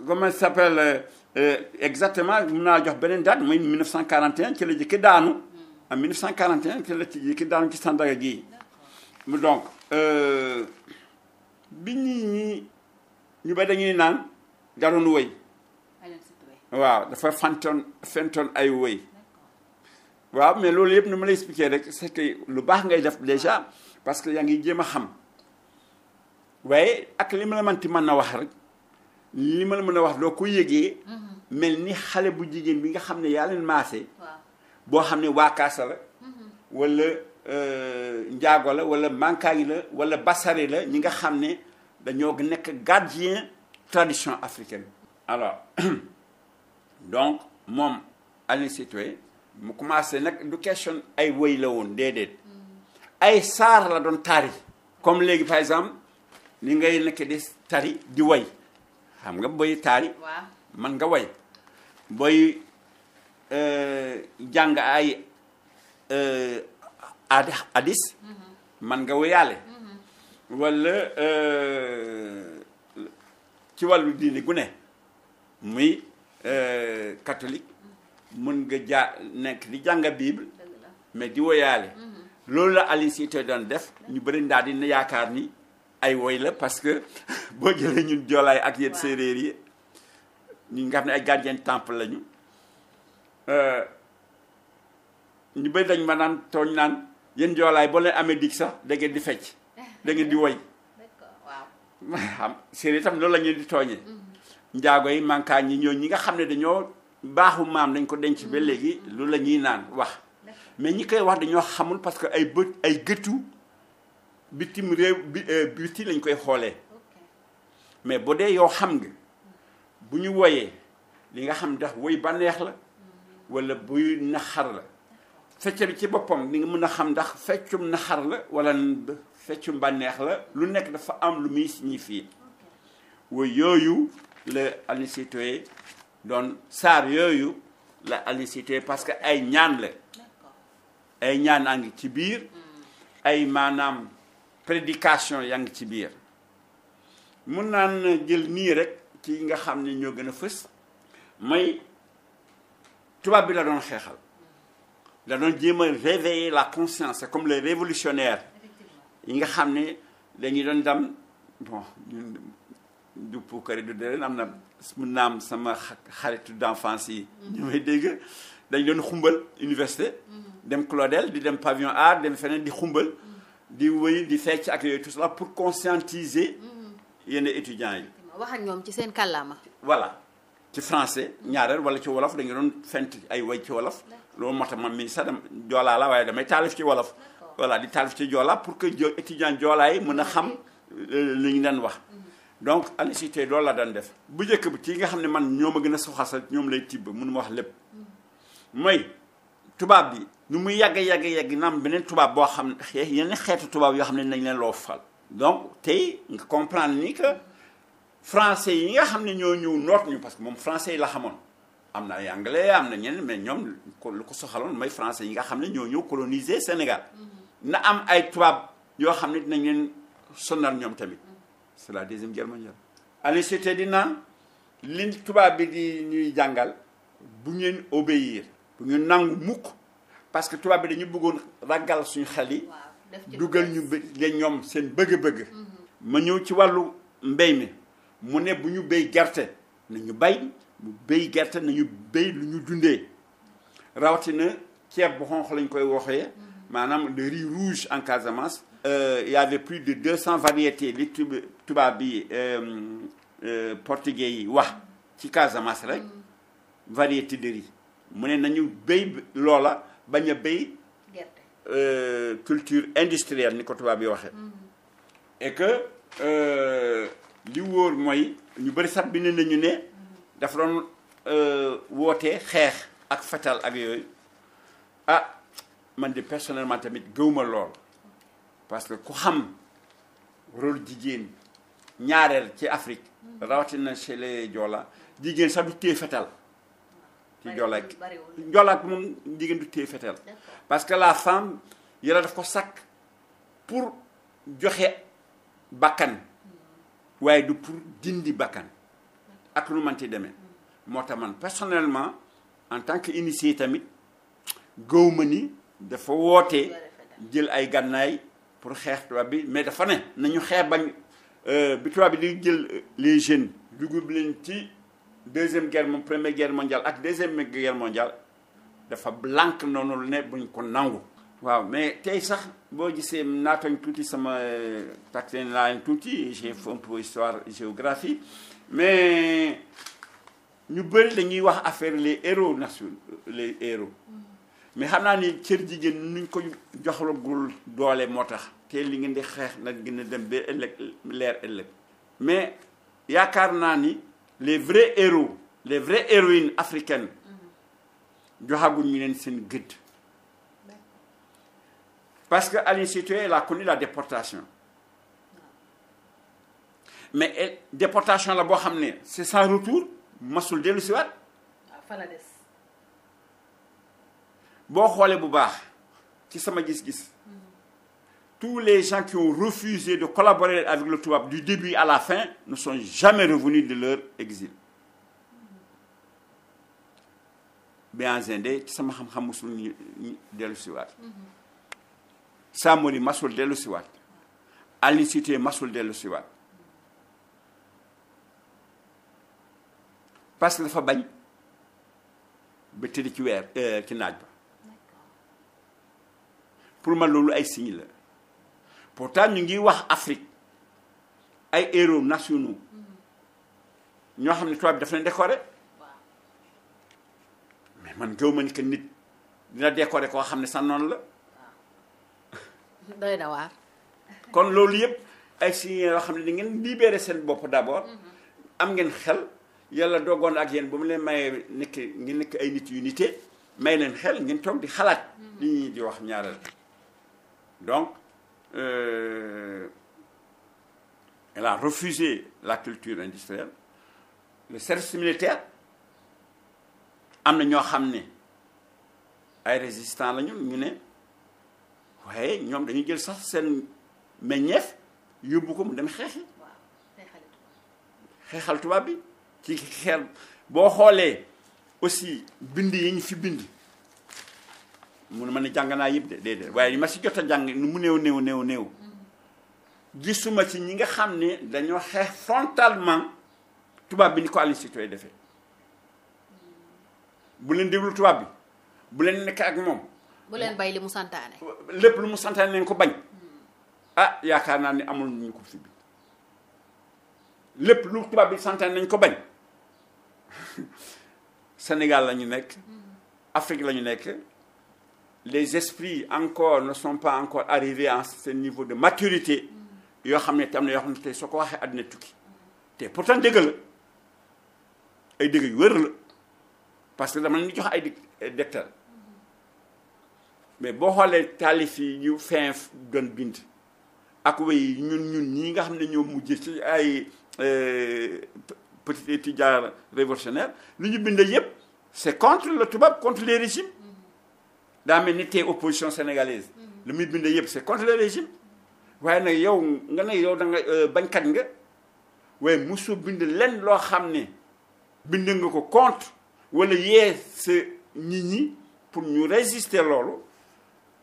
comment ça s'appelle euh, euh, exactement mun naa jox beneen date mooy 1941 ci la jëkki daanu hmm. en 1941 ci la ci daanu ci Sandaga gi donc euh, bi ñi ñi ñu ba dañuy naan daroon woy waaw dafa fantoon fentoon ay wëy waaw mais loolu yëpp nu ma lay expliquer rek c'est que lu baax ngay def déjà parce que yaa ngi jéem a xam waaye ak li ma la manti mën na wax rek li ma la mën a wax doo ko yëgee mm-hmm. mel ni xale bu jigéen bi nga xam ne yaa leen maase boo xam ne waakaasa la mm-hmm. wala euh, njaago la wala mankaay la wala basare la ñi nga xam ne dañoo nekk gardien tradition africaine alors (clears throat) donc moom Aline Sitoé mu commencé nag du question ay woy la woon déedéet mm. ay saar la doon taari comme léegi par exemple ni ngay nekk di tari di woy xam nga boy taari man nga way boy euh, jàng ay euh, aadis man mm-hmm. nga woyaale mm. wala euh, ci wàllu diine gune ne muy katolik euh, mën nga jaa nekk di jàng bible mais di woyaale mm-hmm. loolu la Aline Sitoé doon def mm-hmm. ñu bëri ndaa di na yaakaar ni ay woy la parce que (laughs) boo jëlee ñun joolaay ak yéen séeréer yi ñu nga xam ne ay gardien temple lañu euh, ñu bëri dañ ma naan tooñ naan yéen joolaay boo leen amee dig sax da ngeen di fecc da di woy waaw xam (laughs) séeréer itam loolu la ngeen di tooñe mm-hmm. njaago yi mankaan ñi ñoo ñi nga xam ne dañoo baaxu maam lañ ko denc ba mm-hmm. léegi lu la ñuy naan wax mais ñi koy wax dañoo xamul parce que ay bët ay gëtu bitim réew bi euh, biti lañ koy xoolee mais bu dee yow xam nga bu ñu woyee li nga xam ndax woy ba neex la mm-hmm. wala buy naxar la fecc bi ci boppam li nga mën a xam ndax feccum naxar la wala feccum bànneex la lu nekk dafa am lu muy signifie wa yooyu la Aline Sitoé doon saar yooyu la Aline Sitoé parce que ay ñaan la ay ñaan a ngi ci biir ay maanaam prédication yaa ngi ci biir mun naan jël nii rek ci nga xam ni ñoo gën a fës mooy tubaab bi la doon xeexal da doon jéem a réveiller la conscience comme les révolutionnaires yi nga xam ni dañuy doon dam bon ñun du puukari du dérén am na mun naam sama xaritu d'enfance yi mhm. ñu dégg dañ doon xumbal université mhm. dem Claudel di dem pavillon art dem feneen di xumbal mhm. di wëy di fecc ak yooyu tout cela pour conscientiser yenn étudiants yi wax ak ñoom ci seen kàllaama voilà ci français ñaareel wala ci wolof dañu doon fent ay way ci wolof loolu moo tax man mii sax dama joolaa la waaye damay taalif ci wolof voilà di taalif ci joolaa pour que étudiant joolaa yi mën a xam euh, li ñu daan wax mhm. donc anicité loolu la daan def bu njëkk bi ci nga xam ne man ñoo ma gën a soxasal ñoom lay tibb mënu ma wax lépp mhm. mooy tubaab bi nu muy yàgg yàgg yàgg naam beneen tubaab boo xam ne yeneen xeetu tubaab yoo xam ne nañ leen loo fal donc tey nga comprendre ni que mhm. français yi nga xam ne ñoo ñëw noot ñu parce que moom français la xamoon am na ay am na ñeneen mais ñoom lu ko soxaloon mooy français yi nga xam ne ñoo ñëw coloniser Sénégal mm-hmm. na am ay tubaab yoo xam ne dinañ leen sonal ñoom tamit mm-hmm. c'est la deuxième guerre mondiale. université di naan li tubaab bi di ñuy jàngal bu ngeen obéir bu ñu nangu mukk parce que tubaab bi dañu bëggoon ragal suñu xel yi dugal ñu leen ñoom seen bëgg-bëgg mm-hmm. ma ñëw ci wàllu mbéy mi mu ne bu ñu béy gerte nañu bay bu béy gerte nañu béy lu ñu dundee rawatina ceeb bu xonq lañ koy waxee mm-hmm. maanaam de riz rouge en Casamance. il euh, y avait plus de 200 variétés li tubaab bi euh, euh, portugais yi wax ci Casamance rek mm-hmm. variété de riz mu ne nañu béy loola bañ a béy. Euh, culture industrielle ni ko tubaab bi waxee. Mm-hmm. et que li wóor mooy ñu bëri sax bi ne nañu ne. dafa doon euh, wootee xeex ak fetal ak yooyu ah man de personnelment tamit gëwma lool parce que ku xam rôle jigéen ñaareel ci Afrique rawatina chez les Joola jigéen sax du téye fetal ci Joola Joolaak moom jigéen du téye fetal parce que la femme yàlla daf ko sakk pour joxe bakkan hmm. waaye du pour dindi bakkan ak lu man ci demee moo tax man personnellement en tant que initié tamit gëw ni dafa woote jël ay gànnaay pour xeex tubaab bi mais dafa ne nañu xeex bañ euh, bi tubaab bi di jël euh, les jeunes dugub leen ci deuxième guerre moom première guerre mondiale ak deuxième guerre mondiale dafa blanc noonu lu ne buñ ko nangu. waaw mais tey sax boo gisee naatañ tuuti sama tax leen laa tuuti j'ai fait un histoire géographie. mais ñu bëri dañuy wax affaire les héros nationaux les héros mais xam naa ni cër jigéen nuñ ko joxlagul doole moo tax te li ngeen di xeex nag gën a dem ba ëllëg leer ëllëg mais yaakaar naa ni les vrais héros les vraies héroïnes africaines joxaguñ ñu leen seen gëdd parce que Aline Sitoé elle a connu la déportation mais eh, déportation la boo xam ne c'est sans retour masul dellu si ah, fa boo xoolee bu baax ci sama gis-gis mm-hmm. tous les gens qui ont refusé de collaborer avec le tubaab du début à la fin ne sont jamais revenus de leur exil mm-hmm. de ci sama xam-xam masul dellusiwaat dellu si waat mm-hmm. masul dellu si waat Aline Sitoé parce que dafa bañ ba tëdd ci weer euh, ci naaj ba pour ma loolu ay signe la pourtant ñu ngi wax Afrique ay héros nationaux mm-hmm. ñoo xam ne tubaab bi dafa leen décoré mais man gëw ma ni nit dina décoré koo xam ne sa noon la. (laughs) doy na waar. kon loolu yëpp ay signes yoo xam ne li ngeen libéré seen bopp d' abord mm-hmm. am ngeen xel. yàlla dogoon ak yéen ba mu leen mayee nekk ngi nekk ay nit yu nite may leen xel ngeen toog di xalaat mm-hmm. li ñuy di wax ñaaral donc euh, elle a la culture industrielle le service militaire am na ñoo xam ne ay résistants la ñu ñu ne waaye ñoom dañu jël sax seen meññeef yóbbu ko mu dem xeexi xeexal tubaab bi ci xel boo xoolee aussi bind yi ñu fi bind mun ma ne jàng naa yëpp de déedéet waaye yi ma si jot a jàng ni mu néew néew néew néew gisuma ci ñi nga xam ne dañoo xeex frontalement tubaab bi ni ko Aline Sitoé defee bu leen déglu tubaab bi bu leen nekk ak moom. bu leen bay li mu santaane. lépp lu mu santaane nañ ko bañ. ah yaakaar naa ni amul ñu ko fi bi lépp lu tubaab bi santaane nañ ko bañ. Sénégal la ñu nekk Afrique la ñu nekk les esprits encore ne sont pas encore arrivés à ce niveau de maturité yoo xam ne tam na yoo xam ne tey soo ko waxee àddina tukki te pourtant dëgg la ay dëgg yu wër la parce que dama ñu jox ay dektal mais boo xoolee taalif yi ñu fin doon bind ak wéy ñun ñun ñii nga xam ne ñoo mujj ci ay euh, petit étudiant révolutionnaire lu ñu bind yëpp c'est contre le tubaab contre les régimes daa mel ni tey opposition sénégalaise lu muy bind yëpp c'est contre le régime waaye nag yow nga ne yow da nga euh, bañkat nga waaye mosoo bind lenn loo xam ne bind nga ko contre wala yee sa nit ñi pour ñu résister loolu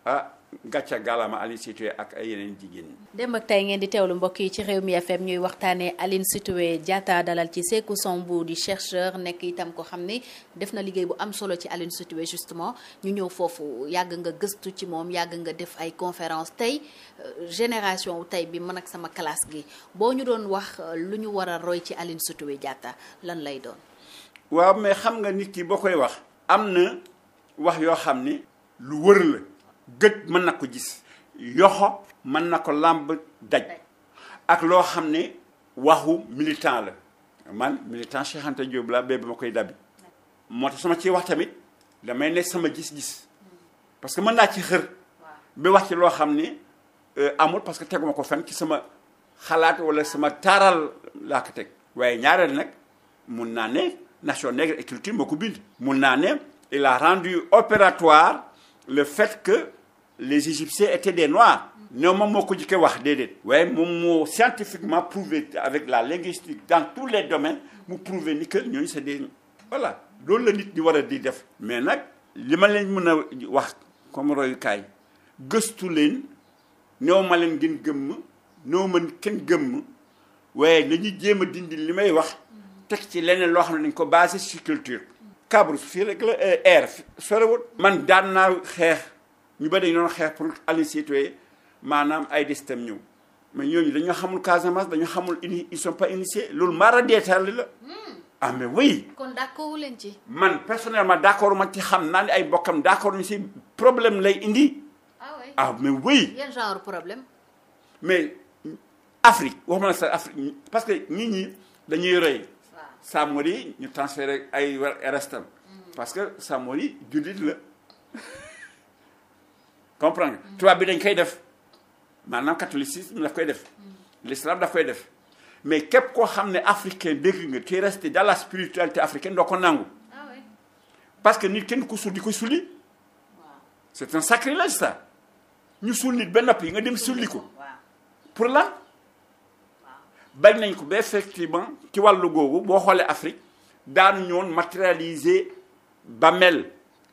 ah, gàcca gaalama Aline Sitoé ak yeneen jigéen dem ak tey ngeen di teewlu mbokk yi ci Rewmi FM ñuy waxtaanee Aline Sitoé Diatta dalal ci Sékou Sombou di chercheur nekk itam ko xam ni def na liggéey bu am solo ci Aline Sitoé justement ñu ñëw foofu yàgg nga gëstu ci moom yàgg nga def ay conférence tey euh, génération wu tey bi man ak sama classe gi boo ñu doon wax euh, lu ñu war a roy ci Aline Sitoé Diatta lan lay doon. waaw mais xam nga nit ki boo koy wax. am na wax yoo xam ni gëj man na ko gis yoxo man na ko làmb daj ak loo xam ne waxu militant la man militant Cheikh Anta Diop laa ba ma koy dabi moo tax sama ciy wax tamit damay ne sama gis-gis mm. parce que mën naa ci xër bi wax ci loo xam ni euh, amul parce que teguma ko fen ci sama xalaat wala sama taaral laa ko teg waaye ñaareel nag mun naa ne nation nègre et culture moo ko bind mun naa ne il a rendu opératoire le fait que les Égyptiens étaient des Noirs. néew ma moo ko jëkkee wax déedéet. waaye moom moo scientifiquement prouvé avec la linguistique dans tous les domaines mu prouvé ni que ñooñu c'est des voilà loolu la nit ñi war a di def. mais nag li ma leen mën a wax comme royukaay gëstu leen néew ma leen gën gëmm néew ma kenn gëmm waaye nañu jéem a dindi li may wax teg ci leneen loo xam ne dañ ko basé sur culture. Kabrousse fii rek la air eh, sorewut man daan naa xeex ñu ba dañu doon xeex pour Aline Sitoé maanaam ay destam ñëw mais ñooñu dañoo xamul Casamance dañoo xamul ini ils sont pas initiés loolu mara deetaali la hmm. ah mais oui. kon d'accord leen ci. man personnellement d'accord ma ci xam naa ne ay bokkam d'accord ñu si problème lay indi. ah oui ah, mais oui. yan genre problème. mais Afrique waxuma la parce que nit ñi dañuy rëy. Samori ñu transféré ay restam mm. parce que Samori jullit la (laughs) comprendre nga mm. bi dañ koy def maanaam catholicisme daf koy def mm. l'islam daf koy def mais képp koo xam ne africain dégg nga te resté dans la spiritualité africaine doo ko nangu ah parce que nit kenn ko suul di ko sulli c'est un sacrilège ça ñu suul nit ba yi nga dem sulli ko pour lan bañ nañ ko ba effectivement ci wàllu googu boo xoolee Afrique daanu ñoon matérialiser bàmmeel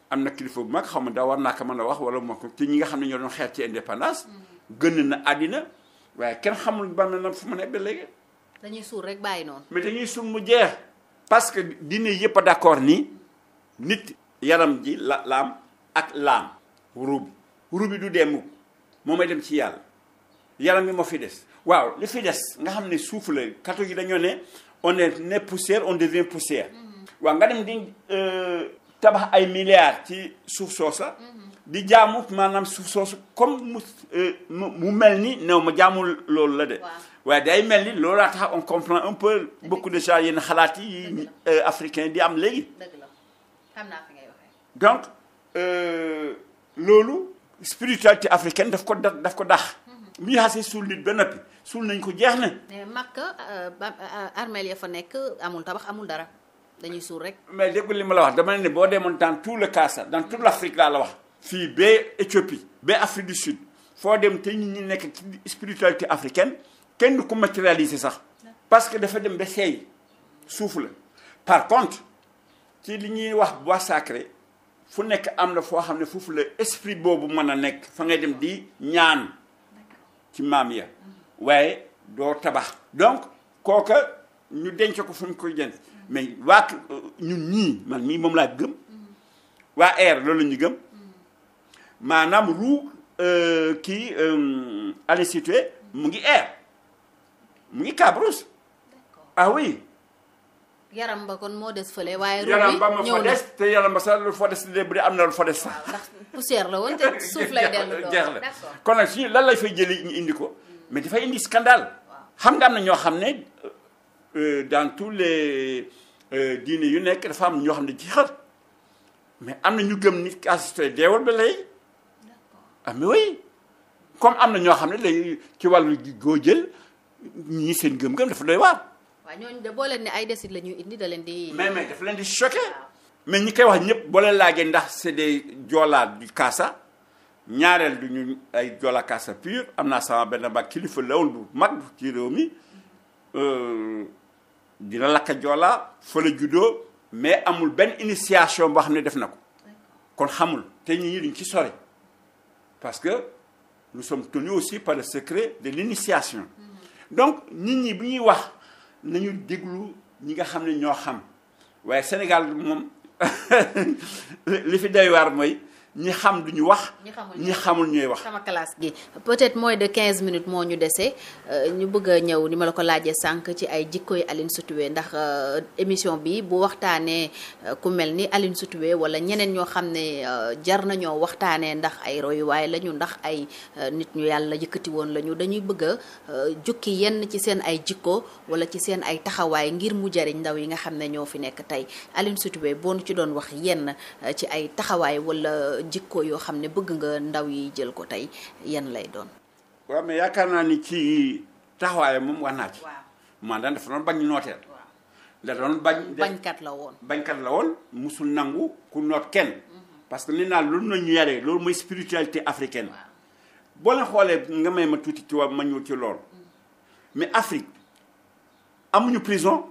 am na kilifa bu mag xaw ma daa war naa ko mën a wax wala moo ko ci ñi nga xam ne ñoo doon xeex ci indépendance. Mm-hmm. gën na àddina waaye kenn xamul bàmmeel na fu man nekk ba léegi. dañuy suul rek bàyyi noonu. mais dañuy suul mu jeex. parce que diine yëpp a d'accord ni nit yaram ji la laam ak laam. ruub ruub bi du dee moo may dem ci yàlla yaram bi moo fi des. waaw li fi des nga xam ne suuf la catholique gi dañoo ne on est né poussière on devient poussière mm-hmm. waaw nga dem di euh, tabax ay milliards ci suuf soosa mm-hmm. di jaamu maanaam suuf soosu comme mu euh, mel ni new ma jaamul loolu la de waaye day mel ni loolaa tax on comprend un peu beaucoup de choses yenn xalaat yi euh, africain di am léegi donc loolu spiritualité africain daf ko daf ko dax bu mm-hmm. ñu xasee suul nit ba suul nañ ko jeex na. mais Makka euh, euh, armeel ya fa nekk amul tabax amul dara dañuy suul rek. mais dégg li ma la wax dama ne boo demoon dans tout le Kaasa dans toute l' Afrique laa la wax. fii ba Éthiopie ba Afrique du Sud foo dem te ñu nekk ci spiritualité africaine kenn du ko matérialiser sax parce que dafa dem ba seey suuf la par contre ci li ñuy wax bois sacré fu nekk am na foo xam ne foofu la esprit boobu mën a nekk fa ngay dem di ñaan ci maam ya waaye doo tabax donc kooka ñu denc ko fu ñu koy denc mais waa ñun ñii man mii moom laa gëm waa air loolu la ñu gëm maanaam ruu euh, kii euh, Aline Sitoé mu ngi air mu ngi Cabrousse ah oui. yaram ba kon moo des fële waaye. ruu yaram ba ma fa des te yaram sax lu fa des de bu dee am na lu fa des sax. Ah, ndax poussière la woon te suuf lay (laughs) dellu. jeex la kon nag suñu lan lay fay jëli ñu indi ko. mais dafa indi scandale xam nga am na ñoo xam ne euh, dans tous les euh, diine yu nekk dafa am ñoo xam ne jiixal mais am na ñu gëm nit ki assisté deewal ba lay ah, comme am na ñoo xam ne lay ci wàllu goo jël ñii seen gëm-gëm dafa doy waar. waaw ñooñu de boo leen ne ay desit la ñuy indi da leen di. mais mais dafa leen di choqué. mais ñi koy wax ñëpp boo leen laajee ndax c'est des joolaa du kaasa. ñaareel du ñu ay jola Kaasa pur am naa sama benn mag kilifa lawul bu mag ci réew mi euh, dina lakk Joola fole la mais amul benn initiation boo xam ne def na ko kon xamul te ñi ñi duñ ci sore parce que nous sommes tenus aussi par le secret de l'initiation mm-hmm. donc nit ñi bu ñuy wax nañu déglu ñi nga xam ne ñoo xam waaye Sénégal moom (laughs) li fi doy waar mooy ñu xam duñu wax. ñi xamul ñooy wax sama gi peut-être mooy de 15 minutes moo ñu dese euh, ñu bëgg a ñëw ni ma la ko laajee sànq ci ay jikkoy Aline Sitoé ndax euh, émission bi bu waxtaanee euh, ku mel ni Aline Sitoé wala ñeneen ñoo xam ne jar nañoo waxtaanee ndax ay royuwaay lañu ndax ay nit ñu yàlla yëkkati woon lañu dañuy bëgg a jukki yenn ci seen ay jikko wala ci seen ay taxawaay ngir mu jariñ ndaw yi nga xam ne ñoo fi nekk tey Aline Sitoé boo ñu ci doon wax yenn ci ay taxawaay wala. jikko yoo xam ne bëgg nga ndaw yi jël ko tey yan lay doon. waaw mais yaakaar naa ni ci taxawaayam moom wax naa ci. man daan dafa doon bañ nooteel. da doon bañ. bañkat la woon bañkat la woon musul nangu ku noot kenn. Mhm. parce que nee naa loolu la ñu yaree loolu mooy spiritualité africaine. boo leen xoolee nga may ma tuuti ci waa ma ñëw ci lool mhm. mais Afrique amuñu prison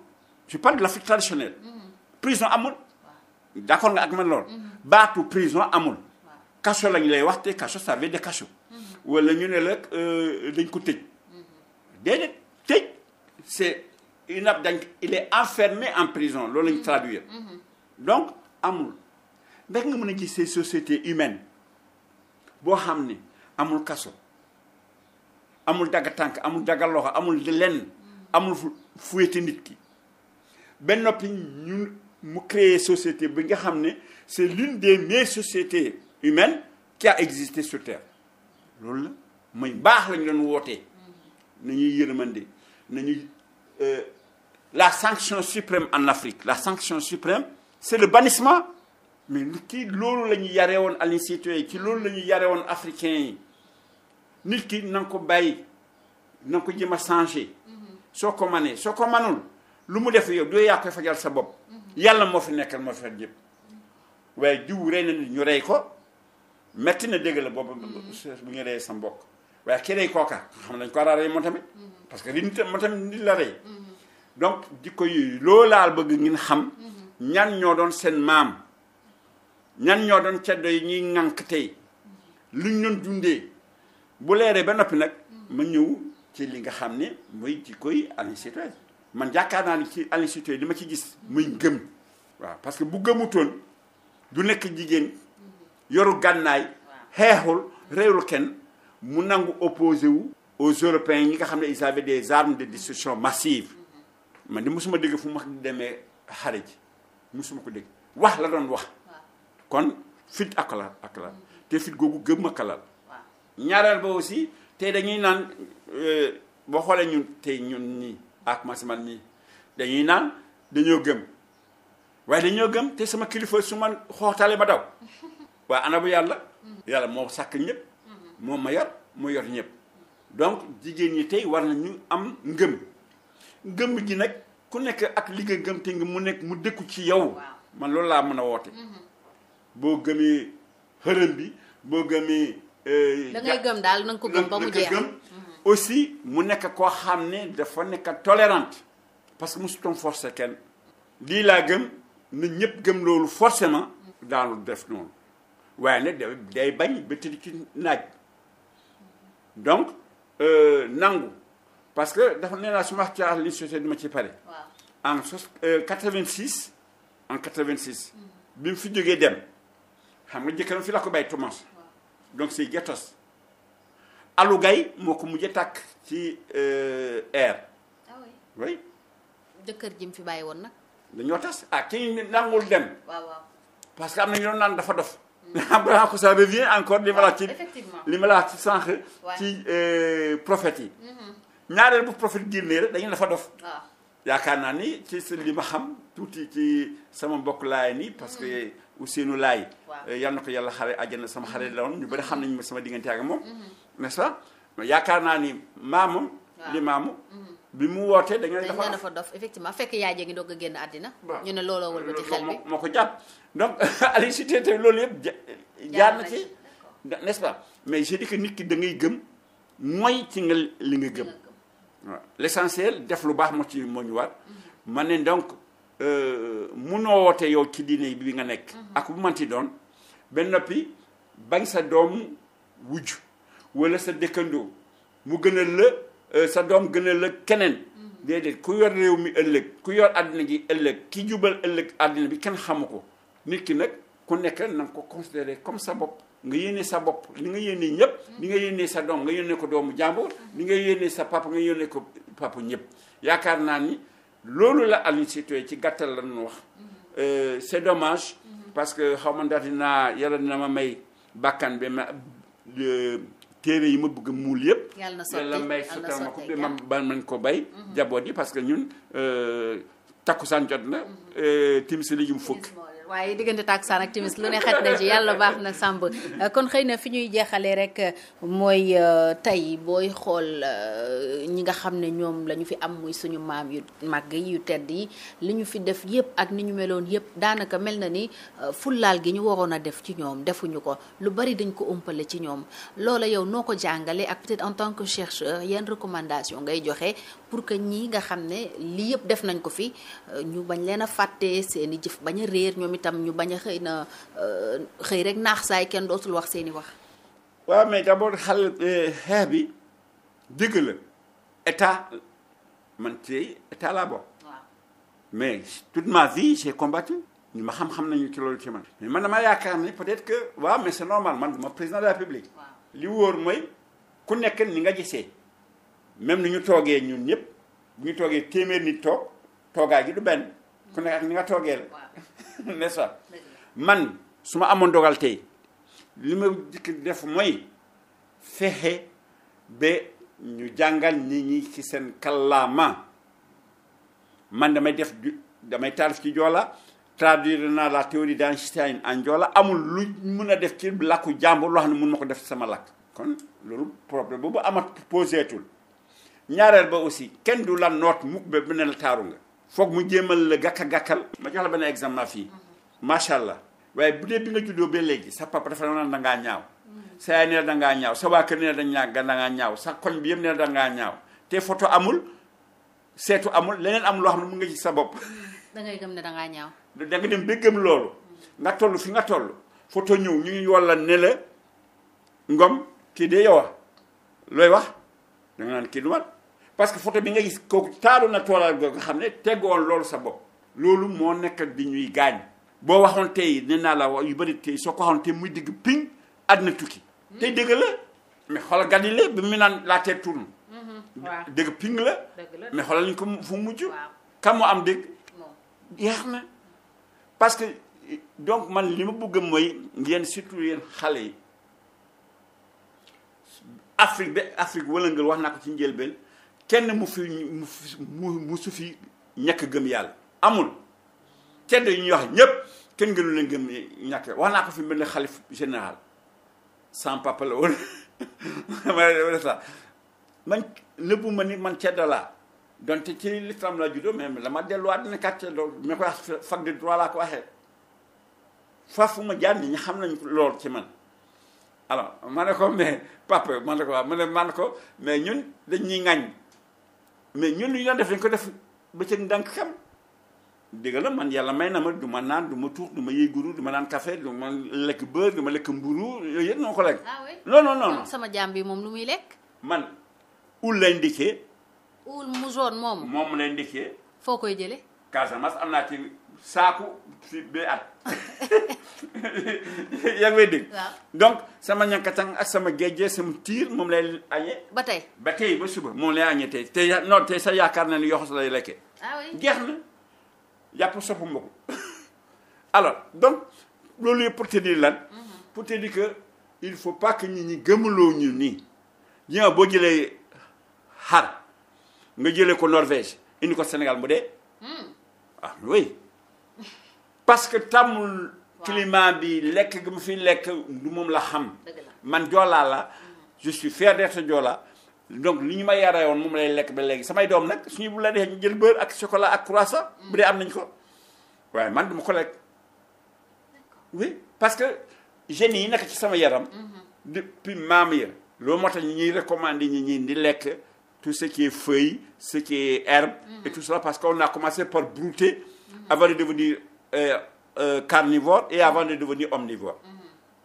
je parle de l'Afrique traditionnelle. Mhm. prison amul. d'accord nga ak man lool. Mhm. baatu prison amul. kaso lañ lay wax te kaso ça veut kaso. Mhm. wala ñu ne la lañ euh, ko tëj. Mhm. déedéet tëj c'est une dañ il est enfermé en prison loolu lañ traduire. donc amul. ndax nga mën a gis ces sociétés humaines boo xam ne amul kaso amul dagg tànk amul dagg loxo amul lenn amul fu fuete nit ki ba noppi ñun. mu créer société bi nga xam ne c'est l'une des meilleures société humaines qui a existé sur terre loolu la mooy baax lañu doon wootee ñuy nañuy yërmande nañuy euh, la sanction suprême en Afrique la sanction suprême c'est le bannissement mais kii loolu la ñu yaree woon Aline Sitoé ci loolu la ñu yaree woon africain yi nit ki na nga ko bàyyi na ko jëm a changé mm-hmm. soo ko manee soo ko manul lu mu def yow doo yaa koy fajal sa bopp mm-hmm. yàlla moo fi nekkal moo fi xet waaye diw rey na nit ñu rey ko metti na dégg la boobu mm-hmm. bu ñu reyee sa mbokk waaye ki rey kooka xam nañ ko war a rey tamit mm-hmm. parce que nit moom tamit nit la rey mm-hmm. donc jikko yooyu loolaal bëgg ngeen xam ñan ñoo doon seen maam ñan ñoo doon ceddo yi ñuy ŋànk tey luñ doon dundee bu leeree ba noppi nag ma ñëw ci li nga xam ne muy jikko yi année man yaakaar naa ni ci Aline Sitoé li ma ci gis muy gëm waaw parce que bu gëmutoon du nekk jigéen yoru gànnaay xeexul réewul kenn mu nangu opposé wu aux européens ñi nga xam ne ils avaient des armes de destruction massive mm-hmm. man di mosuma dégg fu ma demee xare ji mosuma ko dégg wax la doon wax kon fit ak la ak la mm-hmm. te fit googu gëmma ak la ñaareel ba aussi tey dañuy naan euh, boo xoolee ñun te ñun nii ak ma man mii dañuy naan dañoo gëm waaye dañoo gëm te sama kilifa su ma xootale ma daw waaye ana bu yàlla yàlla moo sàkk ñëpp moom ma yor mu yor ñëpp donc jigéen ñi tey war nañu am ngëm ngëm gi nag ku nekk ak liggéey nga gëm te mu nekk mu dëkku ci yow man loolu laa mën a woote mhm. boo gëmee xërëm bi boo gëmee euh, da ngay gëm daal na ko gëm ba mu jeex aussi mu nekk koo xam ne dafa nekk tolérante parce que mu mosutoon force kenn lii laa gëm na ñëpp gëm loolu forcément daanu def noonu waaye nag day bañ ba tëdd ci naaj donc euh, nangu parce que dafa nee naa su ma wax ci Ahlu Société duma ci pare en sos euh, 86 en 86 bi mu fi jógee dem xam nga jëkkëram fi la ko bàyyi Thomas donc c'est Gétos gay moo ko mujj tàkk ci euh, air. ah jëkkër ji mu fi bàyyi woon nag. dañoo tas ah ki nangul dem. waaw parce que am na ñu doon naan dafa dof. balaa (laughs) ko ça revient encore li ma la ci li ma ci sànq ci euh, prophètes yi. Mm-hmm. ñaareel bu prophète génnee rek dañu dafa dof. Ah. yaakaar naa ni ci li ma xam. tuuti ci sama bokk laay nii parce que mm-hmm. Ousseynou Laay eh, yal na ko yàlla xare àjjana sama xare mm-hmm. la woon ñu bëri xam nañ ma sama diggante ak moom mm-hmm. n'est-ce yaakaar naa ni maamam li maamu bi mu wootee dañu dafa dafa dof effectivement fekk yaay ja ngi doog a génn àddina ñu ne looloo wal moo ko jàpp donc (laughs) Aline Sitoé tey loolu yëpp jaar na ci mais je nit ki da ngay gëm mooy ci nga li nga gëm waaw l'essentiel def lu baax moo ci moo war ma ne donc Euh, munoo woote yow ci diine bi nga nekk. Mhm. ak bu manti doon benn noppi bañ sa doom wujj wala sa dëkkandoo mu gënal la euh, sa doom gënal la keneen. Mhm. déedéet ku yor réew mi ëllëg ku yor àddina gi ëllëg ki jubal ëllëg àddina bi kenn xamu ko nit ki nag ku nekk na nga ko considéré comme sa bopp. nga yéene sa bopp ni nga yéene ñëpp li mhm. nga yéene sa doom nga yónnee ko doomu jàmbur li nga yéene sa papa nga yónnee ko papa ñëpp yaakaar naa ni loolu la Aline Sitoé ci gàttal la ñu wax mm-hmm. euh, c'est domage mm-hmm. parce que xaw ma ndax dinaa yàlla dina ma may bàkkan bi ma téere yi ma bëgg muul yëpp yàlla may sottal ma ko bi ma ba mañ ko bay mm-hmm. jaboot yi parce que ñun takku euh, takkusaan jot na euh, timis li ñu fukk waaye diggante takkusaan ak timis lu ne xaj na ci yàlla baax na sàmb kon xëy na fi ñuy jeexalee rek mooy euh, tey booy xool euh, ñi nga xam ne ñoom la ñu fi am muy suñu maam yu màgg yu tedd yi li ñu fi def yépp ak ni ñu meloon yépp daanaka mel na ni euh, fullaal gi ñu waroon a def ci ñoom defuñu ko lu bari dañ ko umpale ci ñoom loola yow noo ko jàngale ak peut en tant que chercheur yan recommandation ngay joxe pour que ñi nga xam ne lii yépp def nañ ko fi ñu bañ leen fàtte seeni jëf bañ a itam ñu bañ a xëy na euh, xëy rek naax saay kenn dootul wax seeni wax. waaw mais d'abord xal euh, xeex bi dëgg la état man ci état laa bokk. mais toute ma vie j'ai ñu ma xam-xam nañu ci loolu ci man. mais man damaa yaakaar ne peut-être que waaw mais c'est normal man duma président de la République. li wóor mooy ku nekk ni nga gisee même ni ñu toogee ñun ñëpp bu ñu toogee téeméer nit toog toogaay gi du benn ku nekk ni nga toogee la. (laughs) nest man su ma amoon dogal tey li ma jëkk def mooy fexe ba ñu jàngal nit ñi ci seen kàllaama man damay def damay taalif ci joola traduire naa la théorie d'Einstein en joola amul lu mun a def ci làkku jàmbur loo xam ne mun ma ko def sama làkk kon loolu problème boobu amat poseetul ñaareel ba aussi kenn du la noot mu ba bu ne la taaru nga foog mu jéemal la gàkka-gàkkal ma jox la benn exemple fii mhm. macha allah waaye bu dee bi nga juddoo bee léegi sa papa dafa naan dangaa ñaaw mhm. sa yaay nee dangaa ñaaw sa waa kër nee dañ ñaa dangaa ñaaw sa koñ bi yëpp nee dangaa ñaaw te foto amul seetu amul leneen am loo xam ne mun nga ci sa bopp mhm. da ngay gëm ne dangaa ñaaw da nga dem ba gëm loolu nga toll fi nga toll photo ñëw ñu ngi walla ne ngom kii de yowa looy wax da nga naan kii du parce que photo bi nga gis kooku taaru na toolal googu nga xam ne teggoon loolu sa bopp loolu moo nekk di ñuy gaañ boo waxoon tey nee naa la yu bëri tey soo ko waxoon tey muy digg ping àddina tukki tey dëgg la mais xoolal Galilée bi mu naan la Terre tourne mm-hmm. dëgg ping la mais xoolal lañ ko fu mujj kan moo am dëgg yeex na parce que donc man li ma bëgg mooy ngeen surtout yéen xale yi Afrique ba Afrique wëlëngal wax naa ko ci njëlbeen kenn mu fi mu mu su fi ñàkk gëm yàlla amul tedd yi ñuy wax ñëpp kenn gënu leen gëm ñàkk wax naa ko fi mel ne xalif général sans papa la woon (laughs) man ma ni man cedda laa donte ci l'islam laa juddoo mais dama ma ko wax fac de droit laa ko waxee xam nañ lool ci man alors ma ne ko mais papa ma ne ko waaw ne man ko mais ñun dañ ñuy ŋañ mais ñun lu ñu daan def dañ ko def bëccëg ndànk xam dégg la man yàlla may na ma du ma naan du ma tuux du ma yëy ma naan café du ma lekk beurre du ma lekk mburu yooyu yëpp noo ko lekk. ah oui non sama jaam bi moom lu muy lekk. man ul lay ndikkee. ul mu zone moomu. moom lay ndikkee. foo koy jëlee. Casamance am naa ci. saaku fii bee at (laughs) yaa ngi may dégg. donc sama ñankatang ak sama géejee sama tiir moom lay añee. ba tey ba tey ba suba moom lay añee tey te ya tey sa yaakaar na ni yoxos lay lekkee. ah oui jeex na yàpp soppu mbokk (laughs) alors donc loolu yëpp pour te dire lan. Mhm. pour te dire il faut pas que ñi gëmuloo ñu nii. ñëw boo jëlee xar nga jëlee ko Norvège indi ko Sénégal mu de hmm. ah oui. parce que tàmmul climat bi lekk gi mu fi lekk lu moom la xam man joolaa la mm. je suis fier d'être joola donc li ñu ma yaree woon moom lay lekk ba léegi samay doom nag suñu bu la dee ñu jël beurre ak chocolat ak croissant bu dee am nañ ko waaye man duma ko lekk parce que gènes yi nekk ci sama yaram mm-hmm. depuis maam ya loo moo tax ñi ñuy recommander ñi ñi di lekk tout ce qui est feuille ce qui est herbe mm-hmm. et tout cela parce qu'on a commencé par brouter mm-hmm. avant de Euh, euh, carnivore et avant de devenir omnivore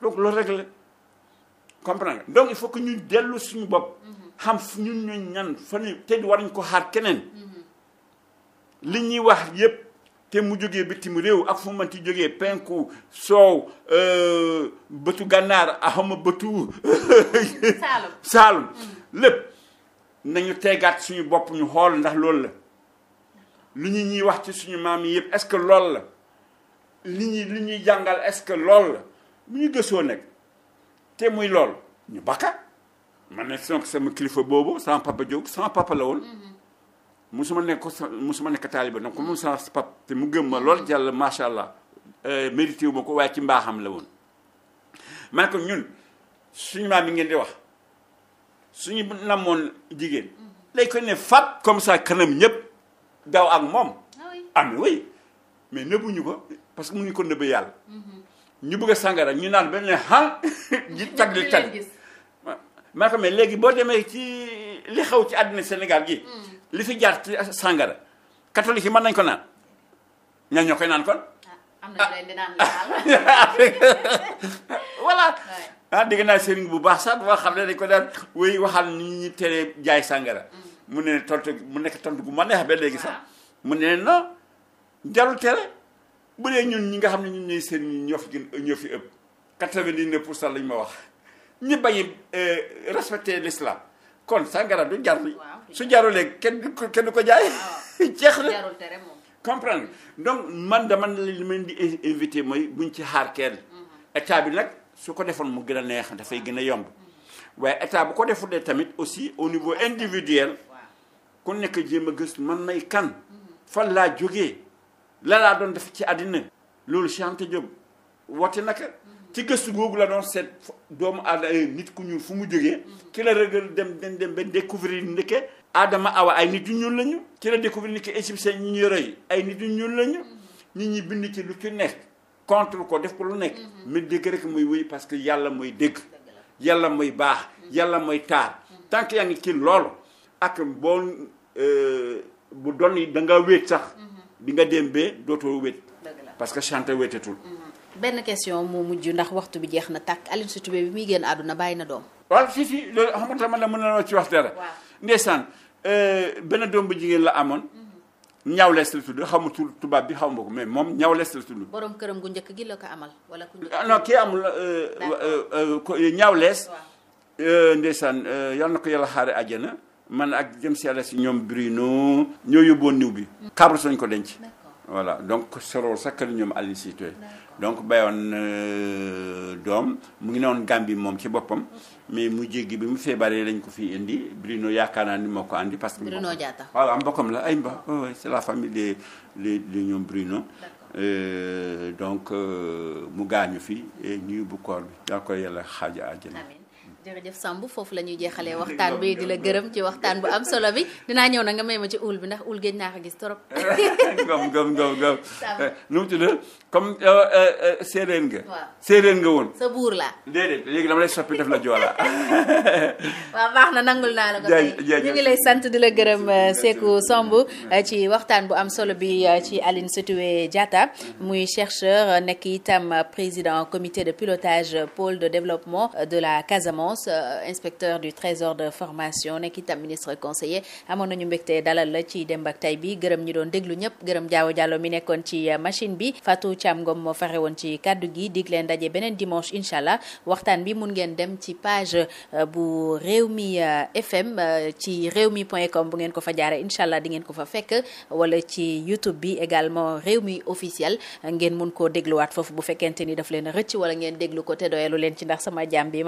donc loolu rek la donc il faut que ñu dellu suñu bopp xam ñun ñu ñan fa ne te waruñ ko xaar keneen li ñuy wax yépp te mu jógee bitim réew ak fu mu mënti jógee penku soow euh, bëtu gànnaar axama bëtu (laughs) saalum mm. lépp nañu tegaat suñu bopp ñu xool ndax loolu la lu ñu ñuy wax ci suñu maam yi yépp est-ce que loolu la li ñuy li ñuy jàngal est-ce que lool la bu ñu gëstoo nag te muy lool ñu bakka man ne sonk sama kilifa boobu sama papa jóg sama papa la woon mm-hmm. musuma nekk ko musuma nekk ko donc moom sama papa te mu gëm ma lool jàll macha allah euh, mérité wu ma ko waaye ci mbaaxam la woon man ko ñun maam mi ngeen di wax suñu namoon jigéen lay mm-hmm. ko ne fat comme ça kanam ñëpp daw ak moom am ah ah, oui mais nëbbuñu ko parce que mënuñu ko nëbbee yàlla. ñu bëgg a sàngara ñu naan benn ah ji tag li tag maa ko léegi boo demee ci li ci àddina Sénégal gi hmm. fi jaar ci yi mën nañ ko naan koy naan ah, am na (laughs) ah, dégg naa sëriñ bu baax sax xam ko daan wéy waxal ni jaay sàngara. Hmm. mu ne mu nekk tontu ma léegi sax ah. mu ne non jarul tere. bu dee ñun ñi nga xam ne ñun ñooy seen ñi ñoo fi ñoo fi ëpp quatre-vingt-dix-neuf pour cent lañ ma wax ñi bañ euh, respecté l'islam kon sàngara du jar su jarulee kenn du ko kenn du ko jaay. Ah, (laughs) jeex na comprendre donc man dama ne li ma di invité mooy bu ñu ci xaar kenn. Mm-hmm. état bi nag su ko defoon mu gën a neex dafay gën a yomb mm-hmm. waaye état bu ko defulee tamit aussi au niveau individuel ku nekk jéem a gëstu man may kan mm-hmm. fan laa jógee. la laa doon def ci àddina loolu Cheikh Anta Diop woote naka ci gëstu googu la doon seet doomu aadama eh, nit ku ñuul fu mu jógee ki la rëgal dem dem dem ba découvrir ndeke aadama awa ay nit ñun ñuul lañu ci la découvrir ndeke égyptien ñu ñuy roy ay nit yu ñuul lañu nit ñi bind ci lu ci nekk contre ko def ko lu nekk mhm. mais dégg rek mooy wéy parce que yàlla mooy dégg yàlla mooy baax mhm. yàlla mooy taar tant yaa ngi ci loolu ak boo euh, bu doon yi da nga wéet sax mhm. bi nga dem bee dootoo wét parce que chanter wétetul mm-hmm. benn question moo mujj ndax waxtu bi jeex na tàkk Aline Sitoé bi muy génn àdduna bàyyi na doom waaw si si loolu xam nga man la mën na ci wax dara ndeysaan euh, benn doom bu jigéen la amoon mm-hmm. ñawlees la tudd xamu tu tubaab bi xawma ko mais moom ñawlees la tudd borom këram gu njëkk gi la ko amal wala ku ah, non kii amul euh, euh, ñawlees ndeysaan yal na ko yàlla xaare àjjana man ak jëm si yàlla si ñoom Bruno ñoo yóbboon niw bi. Mm. Kabros sañ ko denc. voilà donc soroor sax kër ñoom Aline Sitoé donc bayoon euh, doom mu ngi ne woon moom ci boppam mm. mais mu jéggi bi mu feebaree lañ ko fi indi Bruno yaakaar naa ni moo ko parce que Bruno Diatta voilà mbokkam la ay mba oh, c'est la famille des les les ñoom Bruno euh, donc euh, mu gaañu fi bu koor bi yaa koy yàlla xaaja àjjana jërëjëf Samb foofu la ñuy jeexalee (laughs) waxtaan bi di la gërëm ci waxtaan bu am solo bi dinaa ñëw na nga may ma ci uul bi ndax uul géej naa ko gis trop. gëm gëm gëm gëm. nu mu tudd euh, euh, euh, sa buur laa. déedéet léegi dama la (laughs) (laughs) sant di la gërëm Seckou Samb ci waxtaan bu am solo bi ci Aline Sitoé Diatta muy chercheur nekk itam président comité de pilotage pôle de développement de la Casamance. Laurence euh, inspecteur du trésor de formation nekk itam ministre conseiller amoon nañu mbégte dalal la ci Demb ak Tay bi gërëm ñi doon déglu ñëpp gërëm Jaawo Jàllo mi nekkoon ci euh, machine bi Fatou Thiam Ngom moo fare woon ci kàddu gi dig leen daje beneen dimanche incha allah waxtaan bi mun ngeen dem ci page euh, bu réew mi FM ci réew mi point com bu ngeen ko fa jaare incha allah di ngeen ko fa fekk wala ci YouTube bi également réew mi officiel ngeen mun koo dégluwaat foofu bu fekkente ni daf leen rëcc wala ngeen déglu ko te doyalu leen ci ndax sama jàmm bi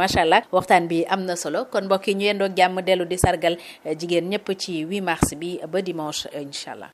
waxtaan bi am na solo kon mbokk yi ñu yendoog jàmm dellu di sargal eh, jigéen ñëpp ci wi mars bi ba dimanche eh, incha allah.